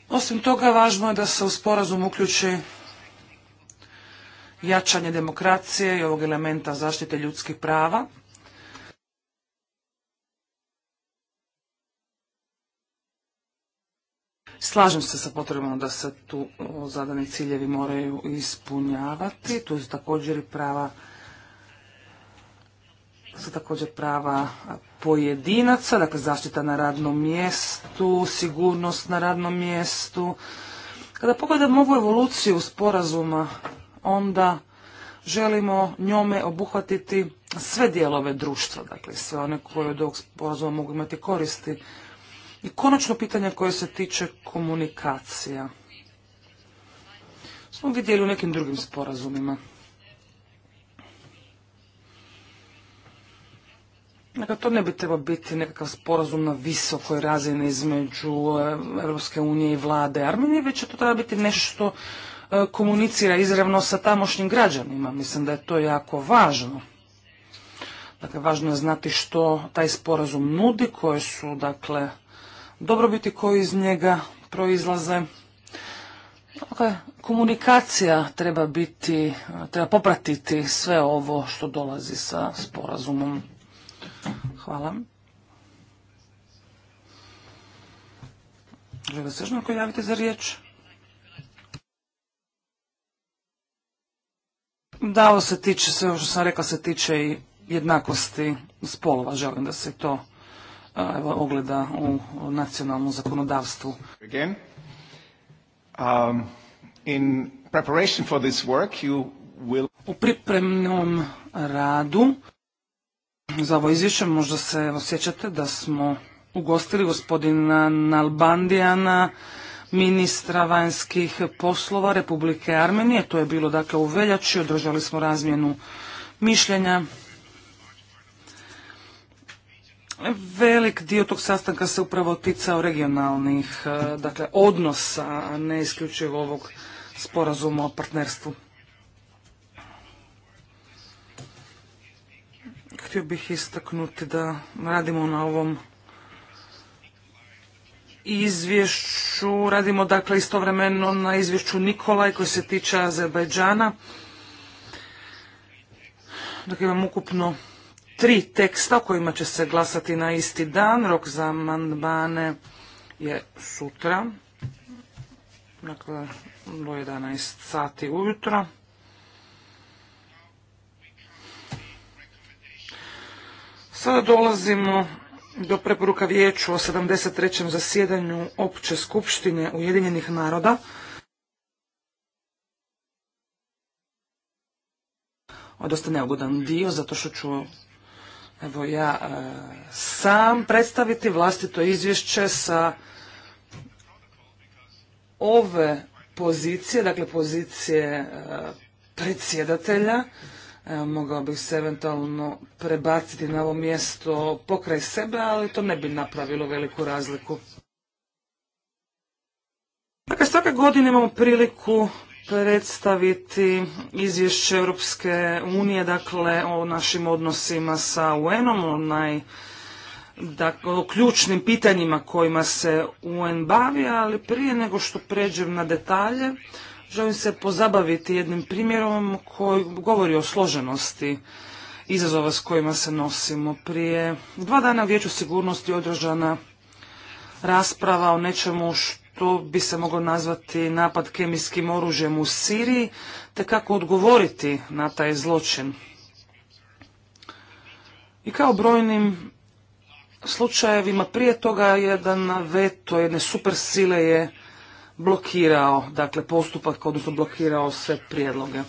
Osim toga, važno je da se u sporazum uključi jačanje demokracije i ovog elementa zaštite ljudskih prava. Slažem se sa potrebom da se tu zadani ciljevi moraju ispunjavati. Tu su također i prava su također prava pojedinaca, dakle zaštita na radnom mjestu, sigurnost na radnom mjestu. Kada pogledamo ovu evoluciju sporazuma, onda želimo njome obuhvatiti sve dijelove društva, dakle sve one koje od ovog sporazuma mogu imati koristi. I konačno pitanje koje se tiče komunikacija. Smo vidjeli u nekim drugim sporazumima. Dakle, to ne bi trebao biti nekakav sporazum na visokoj razini između Europske eh, unije i vlade Armenije, već to treba biti nešto eh, komunicira izravno sa tamošnjim građanima. Mislim da je to jako važno. Dakle, važno je znati što taj sporazum nudi, koje su, dakle, dobrobiti koji iz njega proizlaze. Dakle, komunikacija treba biti, treba popratiti sve ovo što dolazi sa sporazumom. Hvala. Žele se još javiti za riječ? Da, ovo se tiče, sve ovo što sam rekla se tiče i jednakosti spolova. Želim da se to ogleda u nacionalnom zakonodavstvu. Um, u pripremnom radu za ovo izvješće možda se osjećate da smo ugostili gospodina Nalbandijana, ministra vanjskih poslova Republike Armenije. To je bilo dakle u veljači, održali smo razmjenu mišljenja Velik dio tog sastanka se upravo ticao regionalnih e, dakle, odnosa, a ne isključivo ovog sporazuma o partnerstvu. Htio bih istaknuti da radimo na ovom izvješću, radimo dakle istovremeno na izvješću Nikolaj koji se tiče Azerbajdžana. Dakle, imam ukupno tri teksta o kojima će se glasati na isti dan. Rok za amandmane je sutra, dakle do 11 sati ujutro. Sada dolazimo do preporuka vijeću o 73. zasjedanju Opće skupštine Ujedinjenih naroda. Ovo je dosta neugodan dio, zato što ću evo ja e, sam predstaviti vlastito izvješće sa ove pozicije, dakle pozicije e, predsjedatelja, e, mogao bih se eventualno prebaciti na ovo mjesto pokraj sebe, ali to ne bi napravilo veliku razliku. Dakle, svake godine imamo priliku predstaviti izvješće Europske unije, dakle o našim odnosima sa UN-om, o naj, o ključnim pitanjima kojima se UN bavi, ali prije nego što pređem na detalje, želim se pozabaviti jednim primjerom koji govori o složenosti izazova s kojima se nosimo. Prije dva dana u Vijeću sigurnosti održana rasprava o nečemu što to bi se moglo nazvati napad kemijskim oružjem u Siriji, te kako odgovoriti na taj zločin. I kao brojnim slučajevima prije toga jedan veto jedne supersile je blokirao, dakle postupak, odnosno blokirao sve prijedloge.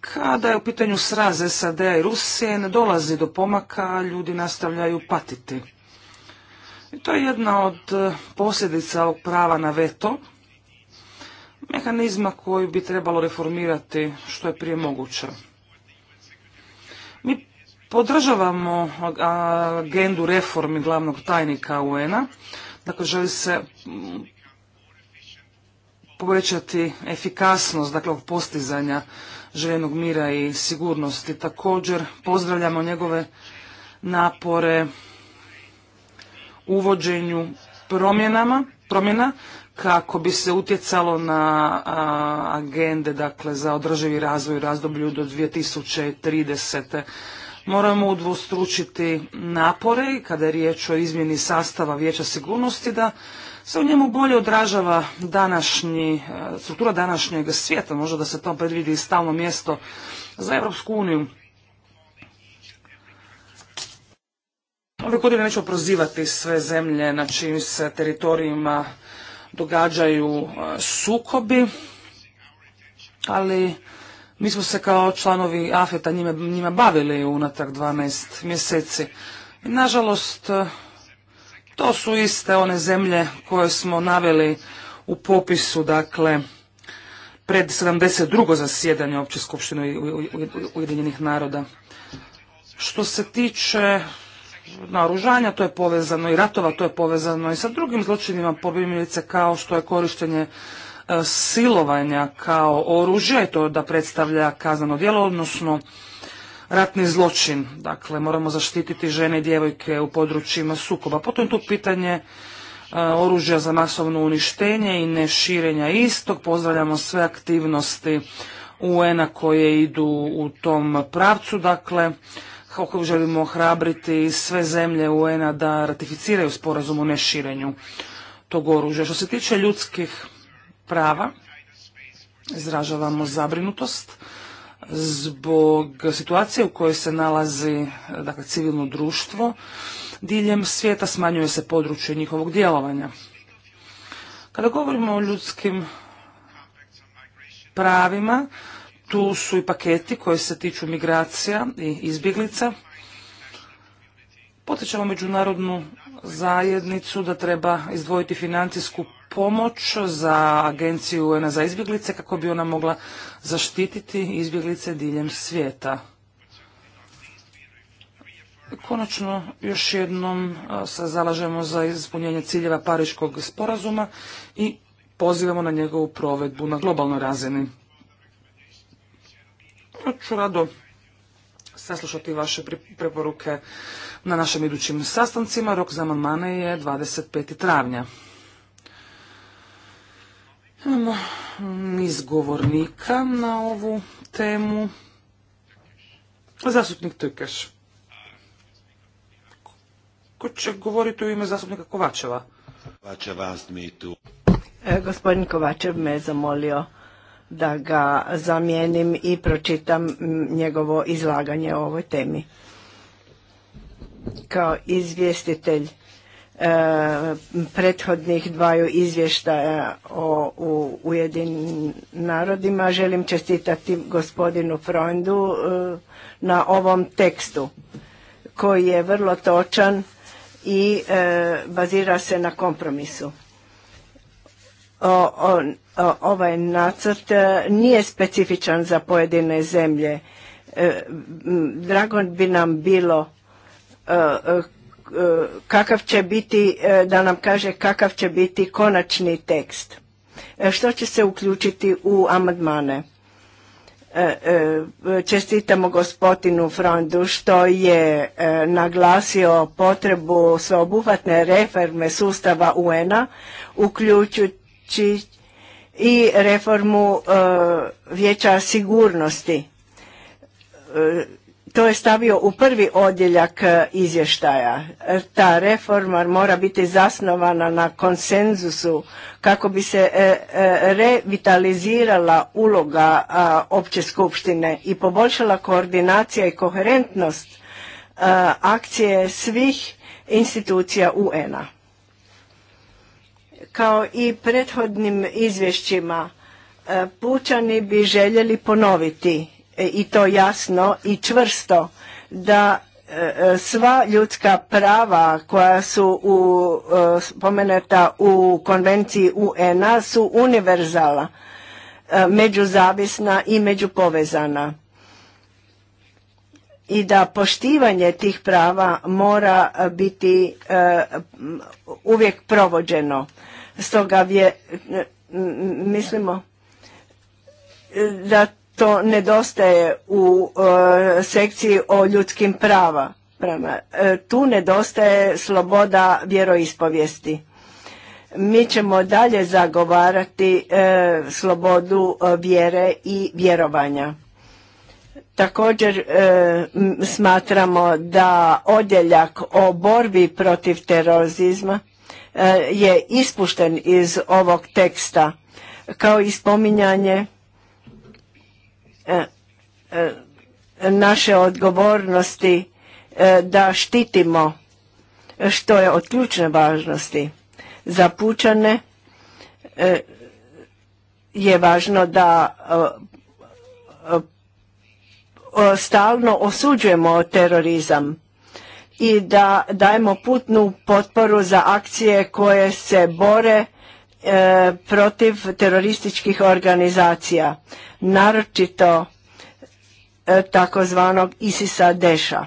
Kada je u pitanju sraz SAD-a i Rusije ne dolazi do pomaka, ljudi nastavljaju patiti to je jedna od e, posljedica ovog prava na veto, mehanizma koji bi trebalo reformirati što je prije moguće. Mi podržavamo agendu reformi glavnog tajnika UN-a, dakle želi se povećati efikasnost dakle, postizanja željenog mira i sigurnosti. Također pozdravljamo njegove napore uvođenju promjenama, promjena kako bi se utjecalo na agende dakle, za održivi razvoj razdoblju do 2030. Moramo udvostručiti napore kada je riječ o izmjeni sastava Vijeća sigurnosti da se u njemu bolje odražava struktura današnjeg svijeta, možda da se to predvidi stalno mjesto za Europsku uniju. Ove godine nećemo prozivati sve zemlje na čim se teritorijima događaju e, sukobi, ali mi smo se kao članovi AFETA njima, njima bavili unatak 12 mjeseci. I nažalost, e, to su iste one zemlje koje smo naveli u popisu, dakle, pred 72. zasjedanje Opće skupštine Ujedinjenih naroda. Što se tiče naoružanja, to je povezano i ratova, to je povezano i sa drugim zločinima pobimljice kao što je korištenje e, silovanja kao oružja i to da predstavlja kazano djelo, odnosno ratni zločin. Dakle, moramo zaštititi žene i djevojke u područjima sukoba. Potom tu pitanje e, oružja za masovno uništenje i neširenja istog. Pozdravljamo sve aktivnosti UN-a koje idu u tom pravcu. Dakle, koliko želimo ohrabriti sve zemlje UN-a da ratificiraju sporazum o neširenju tog oružja. Što se tiče ljudskih prava, izražavamo zabrinutost zbog situacije u kojoj se nalazi dakle, civilno društvo diljem svijeta smanjuje se područje njihovog djelovanja. Kada govorimo o ljudskim pravima, tu su i paketi koji se tiču migracija i izbjeglica. Potičemo međunarodnu zajednicu da treba izdvojiti financijsku pomoć za agenciju UN za izbjeglice kako bi ona mogla zaštititi izbjeglice diljem svijeta. Konačno, još jednom e, se zalažemo za ispunjenje ciljeva Pariškog sporazuma i pozivamo na njegovu provedbu na globalnoj razini ću rado saslušati vaše preporuke na našim idućim sastancima. Rok za amandmane je 25. travnja. Imamo niz govornika na ovu temu. Zastupnik Tukeš. Ko će govoriti u ime zastupnika Kovačeva? Kovačeva, e, gospodin Kovačev me je zamolio da ga zamijenim i pročitam njegovo izlaganje o ovoj temi. Kao izvjestitelj e, prethodnih dvaju izvještaja o, u narodima želim čestitati gospodinu Freundu e, na ovom tekstu koji je vrlo točan i e, bazira se na kompromisu ovaj nacrt e, nije specifičan za pojedine zemlje. E, drago bi nam bilo e, kakav će biti, da nam kaže kakav će biti konačni tekst. Što će se uključiti u amandmane? Čestitamo gospodinu Frondu što je naglasio potrebu sveobuhvatne reforme sustava UN-a, uključujući i reformu e, vijeća sigurnosti. E, to je stavio u prvi odjeljak e, izvještaja. Ta reforma mora biti zasnovana na konsenzusu kako bi se revitalizirala uloga opće skupštine i poboljšala koordinacija i koherentnost akcije svih institucija UN-a. Kao i prethodnim izvješćima, e, pučani bi željeli ponoviti e, i to jasno i čvrsto da e, sva ljudska prava koja su u, spomenuta u konvenciji UN-a su univerzala, međuzavisna i međupovezana. I da poštivanje tih prava mora biti uvijek provođeno. Stoga vje, mislimo da to nedostaje u e, sekciji o ljudskim prava. E, tu nedostaje sloboda vjeroispovijesti. Mi ćemo dalje zagovarati e, slobodu vjere i vjerovanja. Također smatramo da odjeljak o borbi protiv terorizma Eh, je ispušten iz ovog teksta kao i spominjanje eh, eh, naše odgovornosti da štitimo što je od ključne važnosti za pučane je važno da stalno osuđujemo terorizam i da dajemo putnu potporu za akcije koje se bore e, protiv terorističkih organizacija, naročito e, takozvanog Isisa Deša. E,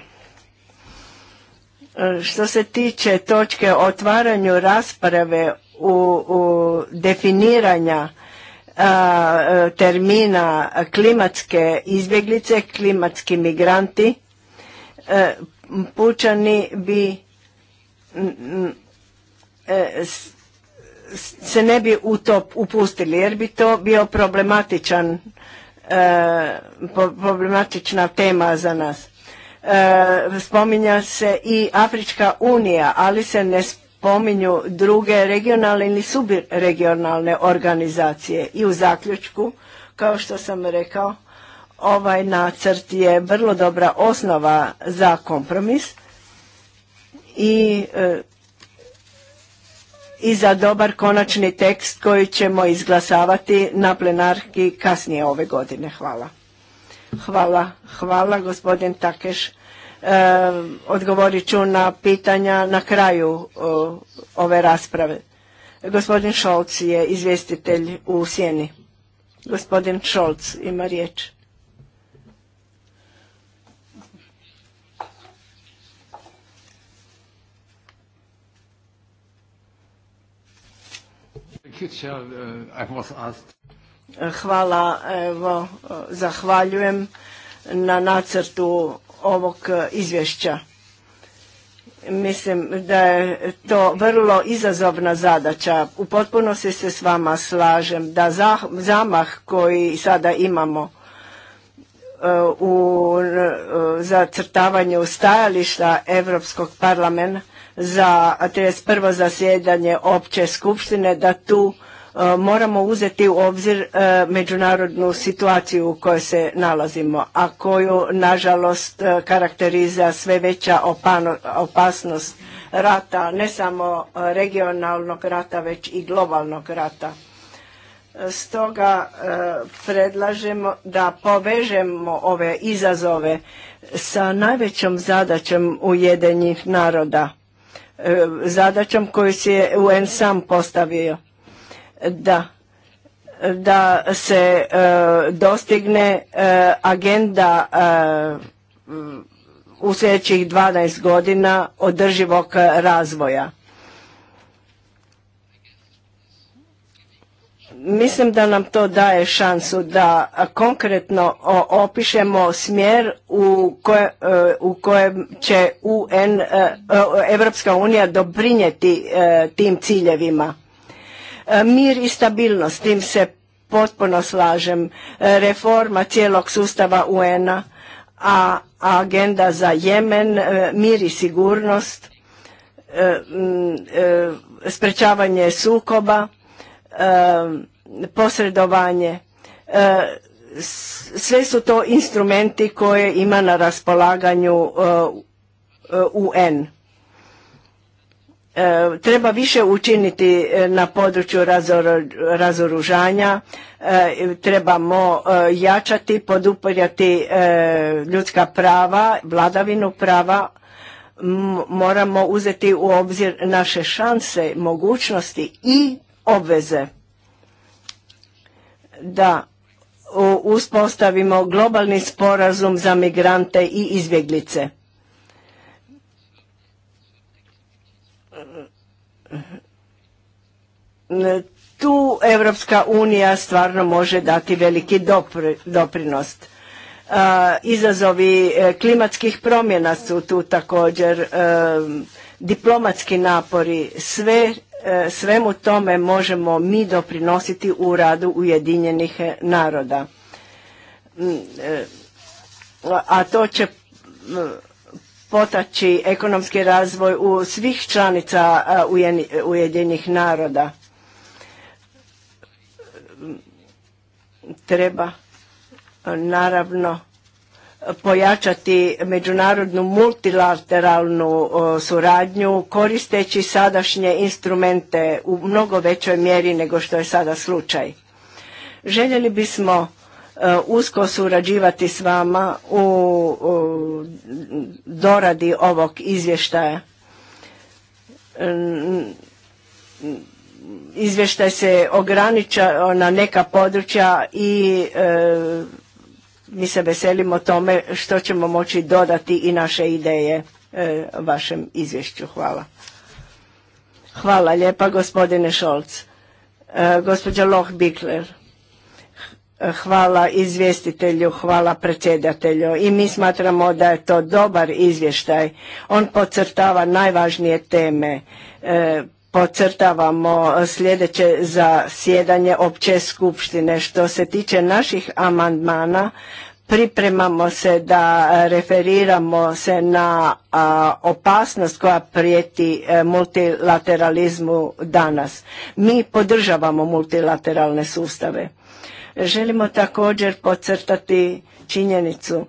što se tiče točke o otvaranju rasprave u, u definiranja e, termina klimatske izbjeglice, klimatski migranti, pučani bi e, se ne bi u to upustili jer bi to bio problematičan e, problematična tema za nas. E, spominja se i Afrička unija, ali se ne spominju druge regionalne ili subregionalne organizacije. I u zaključku, kao što sam rekao, Ovaj nacrt je vrlo dobra osnova za kompromis i e, i za dobar konačni tekst koji ćemo izglasavati na plenarki kasnije ove godine. Hvala. Hvala, hvala gospodin Takeš. E, odgovorit ću na pitanja na kraju ove rasprave. Gospodin Šolc je izvjestitelj u Sjeni. Gospodin Šolc ima riječ. Uh, Hvala, evo, zahvaljujem na nacrtu ovog izvješća. Mislim da je to vrlo izazovna zadaća. U potpunosti se s vama slažem da zamah koji sada imamo uh, u uh, zacrtavanju stajališta Europskog parlamenta za 31. zasjedanje opće skupštine da tu e, moramo uzeti u obzir e, međunarodnu situaciju u kojoj se nalazimo, a koju nažalost e, karakteriza sve veća opasnost rata, ne samo regionalnog rata, već i globalnog rata. Stoga predlažemo da povežemo ove izazove sa najvećom zadaćom Ujedinjenih naroda E, zadaćom koju si je UN sam postavio. Da da se e, dostigne e, agenda u sljedećih 12 godina održivog razvoja Mislim da nam to daje šansu da konkretno opišemo smjer u, koje, e, u kojem će UN, e, e, Evropska unija doprinijeti tim ciljevima. Mir i stabilnost, tim se potpuno slažem, reforma cijelog sustava UN-a, a agenda za Jemen, mir i sigurnost, sprečavanje sukoba, posredovanje. E, sve su to instrumenti koje ima na raspolaganju e, UN. E, treba više učiniti na području razoružanja, trebamo jačati, podupirati ljudska prava, vladavinu prava, moramo uzeti u obzir naše šanse, mogućnosti i obveze da uspostavimo globalni sporazum za migrante i izbjeglice. Tu Evropska unija stvarno može dati veliki doprinost. doprinos. E, izazovi e, klimatskih promjena su tu također, e, diplomatski napori, sve E, svemu tome možemo mi doprinositi u radu Ujedinjenih naroda. Mm, e, a to će potaći ekonomski razvoj u svih članica Ujedinjenih naroda. Mm, treba naravno pojačati međunarodnu multilateralnu suradnju koristeći sadašnje instrumente u mnogo većoj mjeri nego što je sada slučaj. Željeli bismo e, usko surađivati s vama u doradi ovog izvještaja. Izvještaj se ograniča na neka područja i e, mi se veselimo tome što ćemo moći dodati i naše ideje e, vašem izvješću. Hvala. Hvala lijepa gospodine Šolc. E, gospođa Loh Bikler. Hvala izvjestitelju, hvala predsjedatelju i mi smatramo da je to dobar izvještaj. On podcrtava najvažnije teme. E, Podcrtavamo e, sljedeće za sjedanje opće skupštine. Što se tiče naših amandmana, pripremamo se da referiramo se na opasnost koja prijeti e, multilateralizmu danas. Mi podržavamo multilateralne sustave. Želimo također podcrtati činjenicu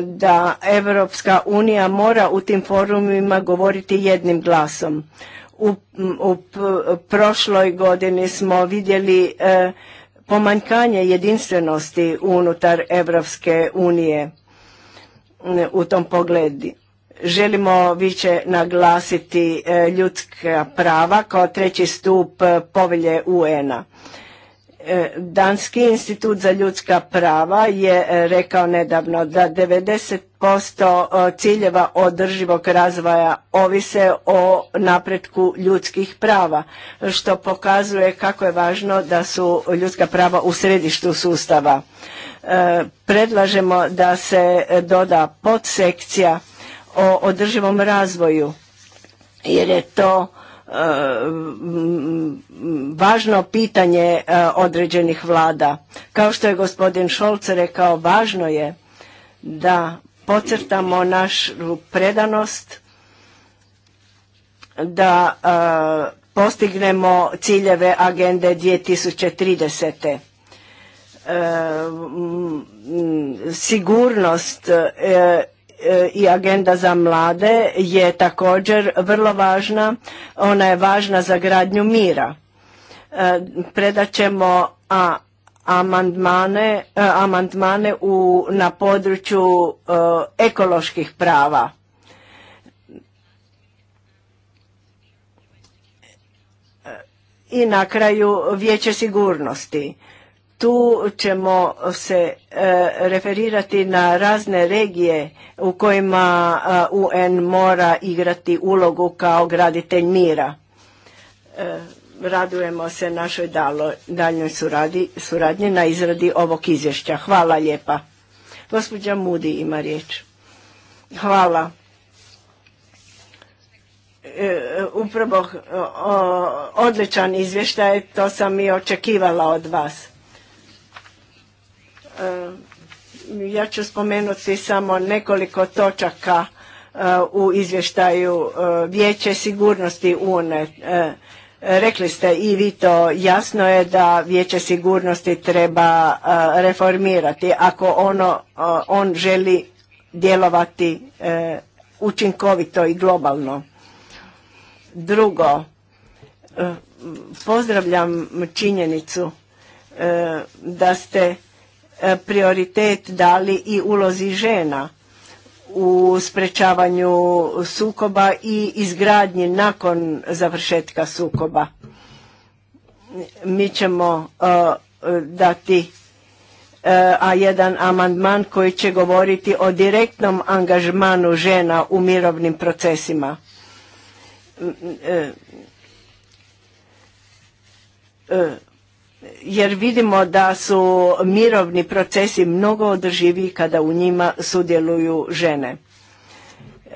da Europska unija mora u tim forumima govoriti jednim glasom. U, prošloj godini smo vidjeli e, pomanjkanje jedinstvenosti unutar Europske unije e, u tom pogledu. Želimo više naglasiti e, ljudska prava kao treći stup povelje UN-a. E, Danski institut za ljudska prava je e, rekao nedavno da 90% e, ciljeva održivog razvoja ovise o napretku ljudskih prava, što pokazuje kako je važno da su ljudska prava u središtu sustava. Predlažemo da se doda podsekcija o održivom razvoju, jer je to važno pitanje e, određenih vlada. Kao što je gospodin Šolc rekao, važno je da pocrtamo našu predanost, da e, postignemo ciljeve agende 2030. E, sigurnost i agenda za mlade je također vrlo važna. Ona je važna za gradnju mira. E, predat ćemo amandmane, e, amandmane u, na području e, ekoloških prava. I na kraju vijeće sigurnosti tu ćemo se e, referirati na razne regije u kojima e, UN mora igrati ulogu kao graditelj mira. E, radujemo se našoj daljnjoj suradnji na izradi ovog izvješća. Hvala lijepa. Gospođa Mudi ima riječ. Hvala. upravo odličan izvještaj, to sam i očekivala od vas Eh, ja ću spomenuti samo nekoliko točaka eh, u izvještaju eh, Vijeće sigurnosti UNE. Rekli ste i vi to, jasno je da Vijeće sigurnosti treba reformirati ako ono, on želi djelovati učinkovito i globalno. Drugo, pozdravljam činjenicu da ste E, prioritet dali i ulozi žena u sprečavanju sukoba i izgradnji nakon završetka sukoba. Mi ćemo e, dati e, a jedan amandman koji će govoriti o direktnom angažmanu žena u mirovnim procesima jer vidimo da su mirovni procesi mnogo održiviji kada u njima sudjeluju žene.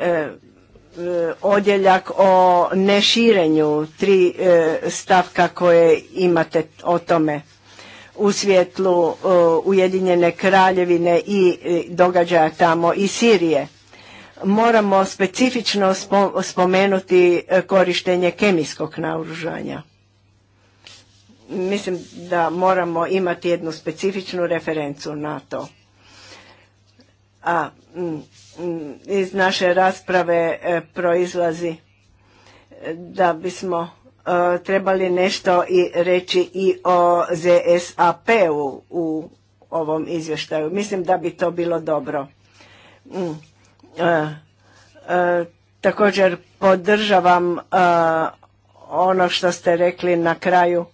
E, e, odjeljak o neširenju, tri e, stavka koje imate o tome u svjetlu Ujedinjene kraljevine i događaja tamo i Sirije. Moramo specifično spomenuti korištenje kemijskog naoružanja mislim da moramo imati jednu specifičnu referencu na to. A mm, mm, iz naše rasprave e, proizlazi e, da bismo e, trebali nešto i reći i o ZSAP-u u ovom izvještaju. Mislim da bi to bilo dobro. Mm, također podržavam ono što ste rekli na kraju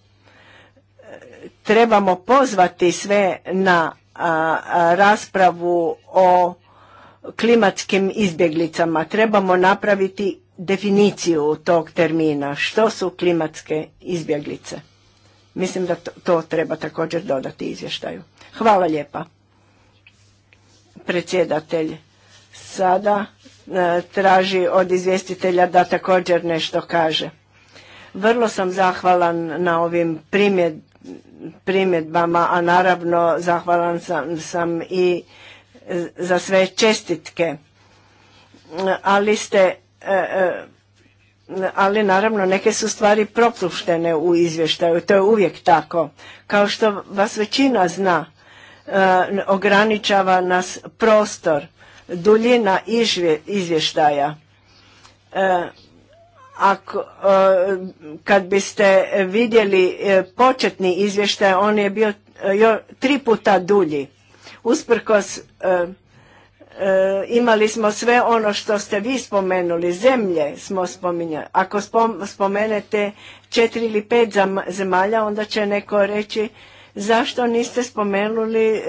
trebamo pozvati sve na raspravu o klimatskim izbjeglicama. Trebamo napraviti definiciju tog termina. Što su klimatske izbjeglice? Mislim da to, treba također dodati izvještaju. Hvala lijepa. Predsjedatelj sada e, traži od izvjestitelja da također nešto kaže. Vrlo sam zahvalan na ovim primjed, primjedbama, a naravno zahvalan sam, sam i e, za sve čestitke. Ali ste e, e, ali naravno neke su stvari propuštene u izvještaju, to je uvijek tako. Kao što vas većina zna, ograničava nas prostor, duljina izvještaja. Ako, eh, kad biste vidjeli eh, početni izvještaj, on je bio eh, tri puta dulji. Usprkos imali smo sve ono što ste vi spomenuli, zemlje smo spominjali. Ako spomenete četiri ili pet zemalja, onda će neko reći zašto niste spomenuli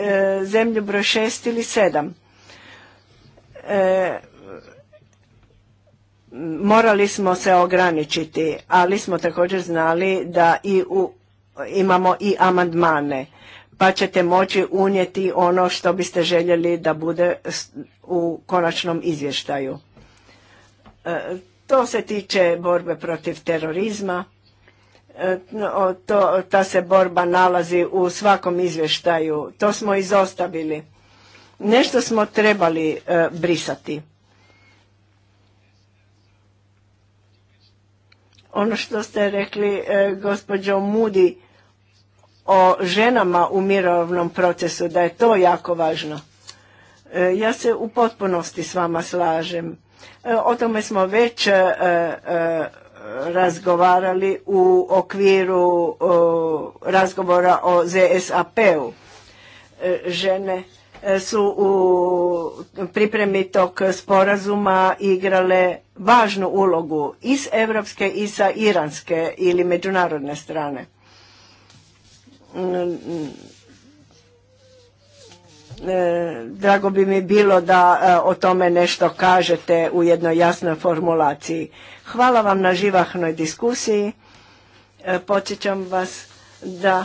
zemlju broj šest ili sedam morali smo se ograničiti, ali smo također znali da i u, imamo i amandmane, pa ćete moći unijeti ono što biste željeli da bude u konačnom izvještaju. E, to se tiče borbe protiv terorizma. E, to, ta se borba nalazi u svakom izvještaju. To smo izostavili. Nešto smo trebali e, brisati. Ono što ste rekli, e, gospođo Mudi, o ženama u mirovnom procesu, da je to jako važno. E, ja se u potpunosti s vama slažem. E, o tome smo već razgovarali u okviru razgovora o ZSAP-u. Žene su u pripremi tog sporazuma igrale važnu ulogu i s evropske i sa iranske ili međunarodne strane. E, drago bi mi bilo da e, o tome nešto kažete u jednoj jasnoj formulaciji. Hvala vam na živahnoj diskusiji. E, podsjećam vas da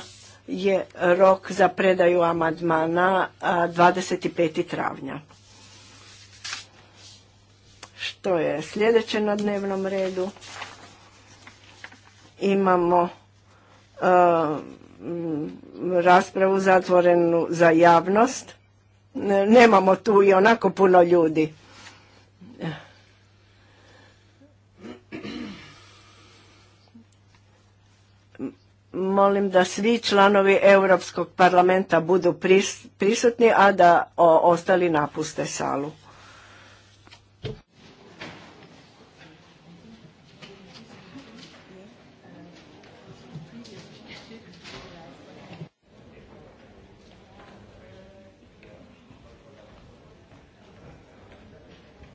je rok za predaju amandmana 25. travnja. Što je sljedeće na dnevnom redu? Imamo raspravu zatvorenu za javnost. Nemamo tu i onako puno ljudi. Molim da svi članovi Europskog parlamenta budu prisutni, a da ostali napuste salu.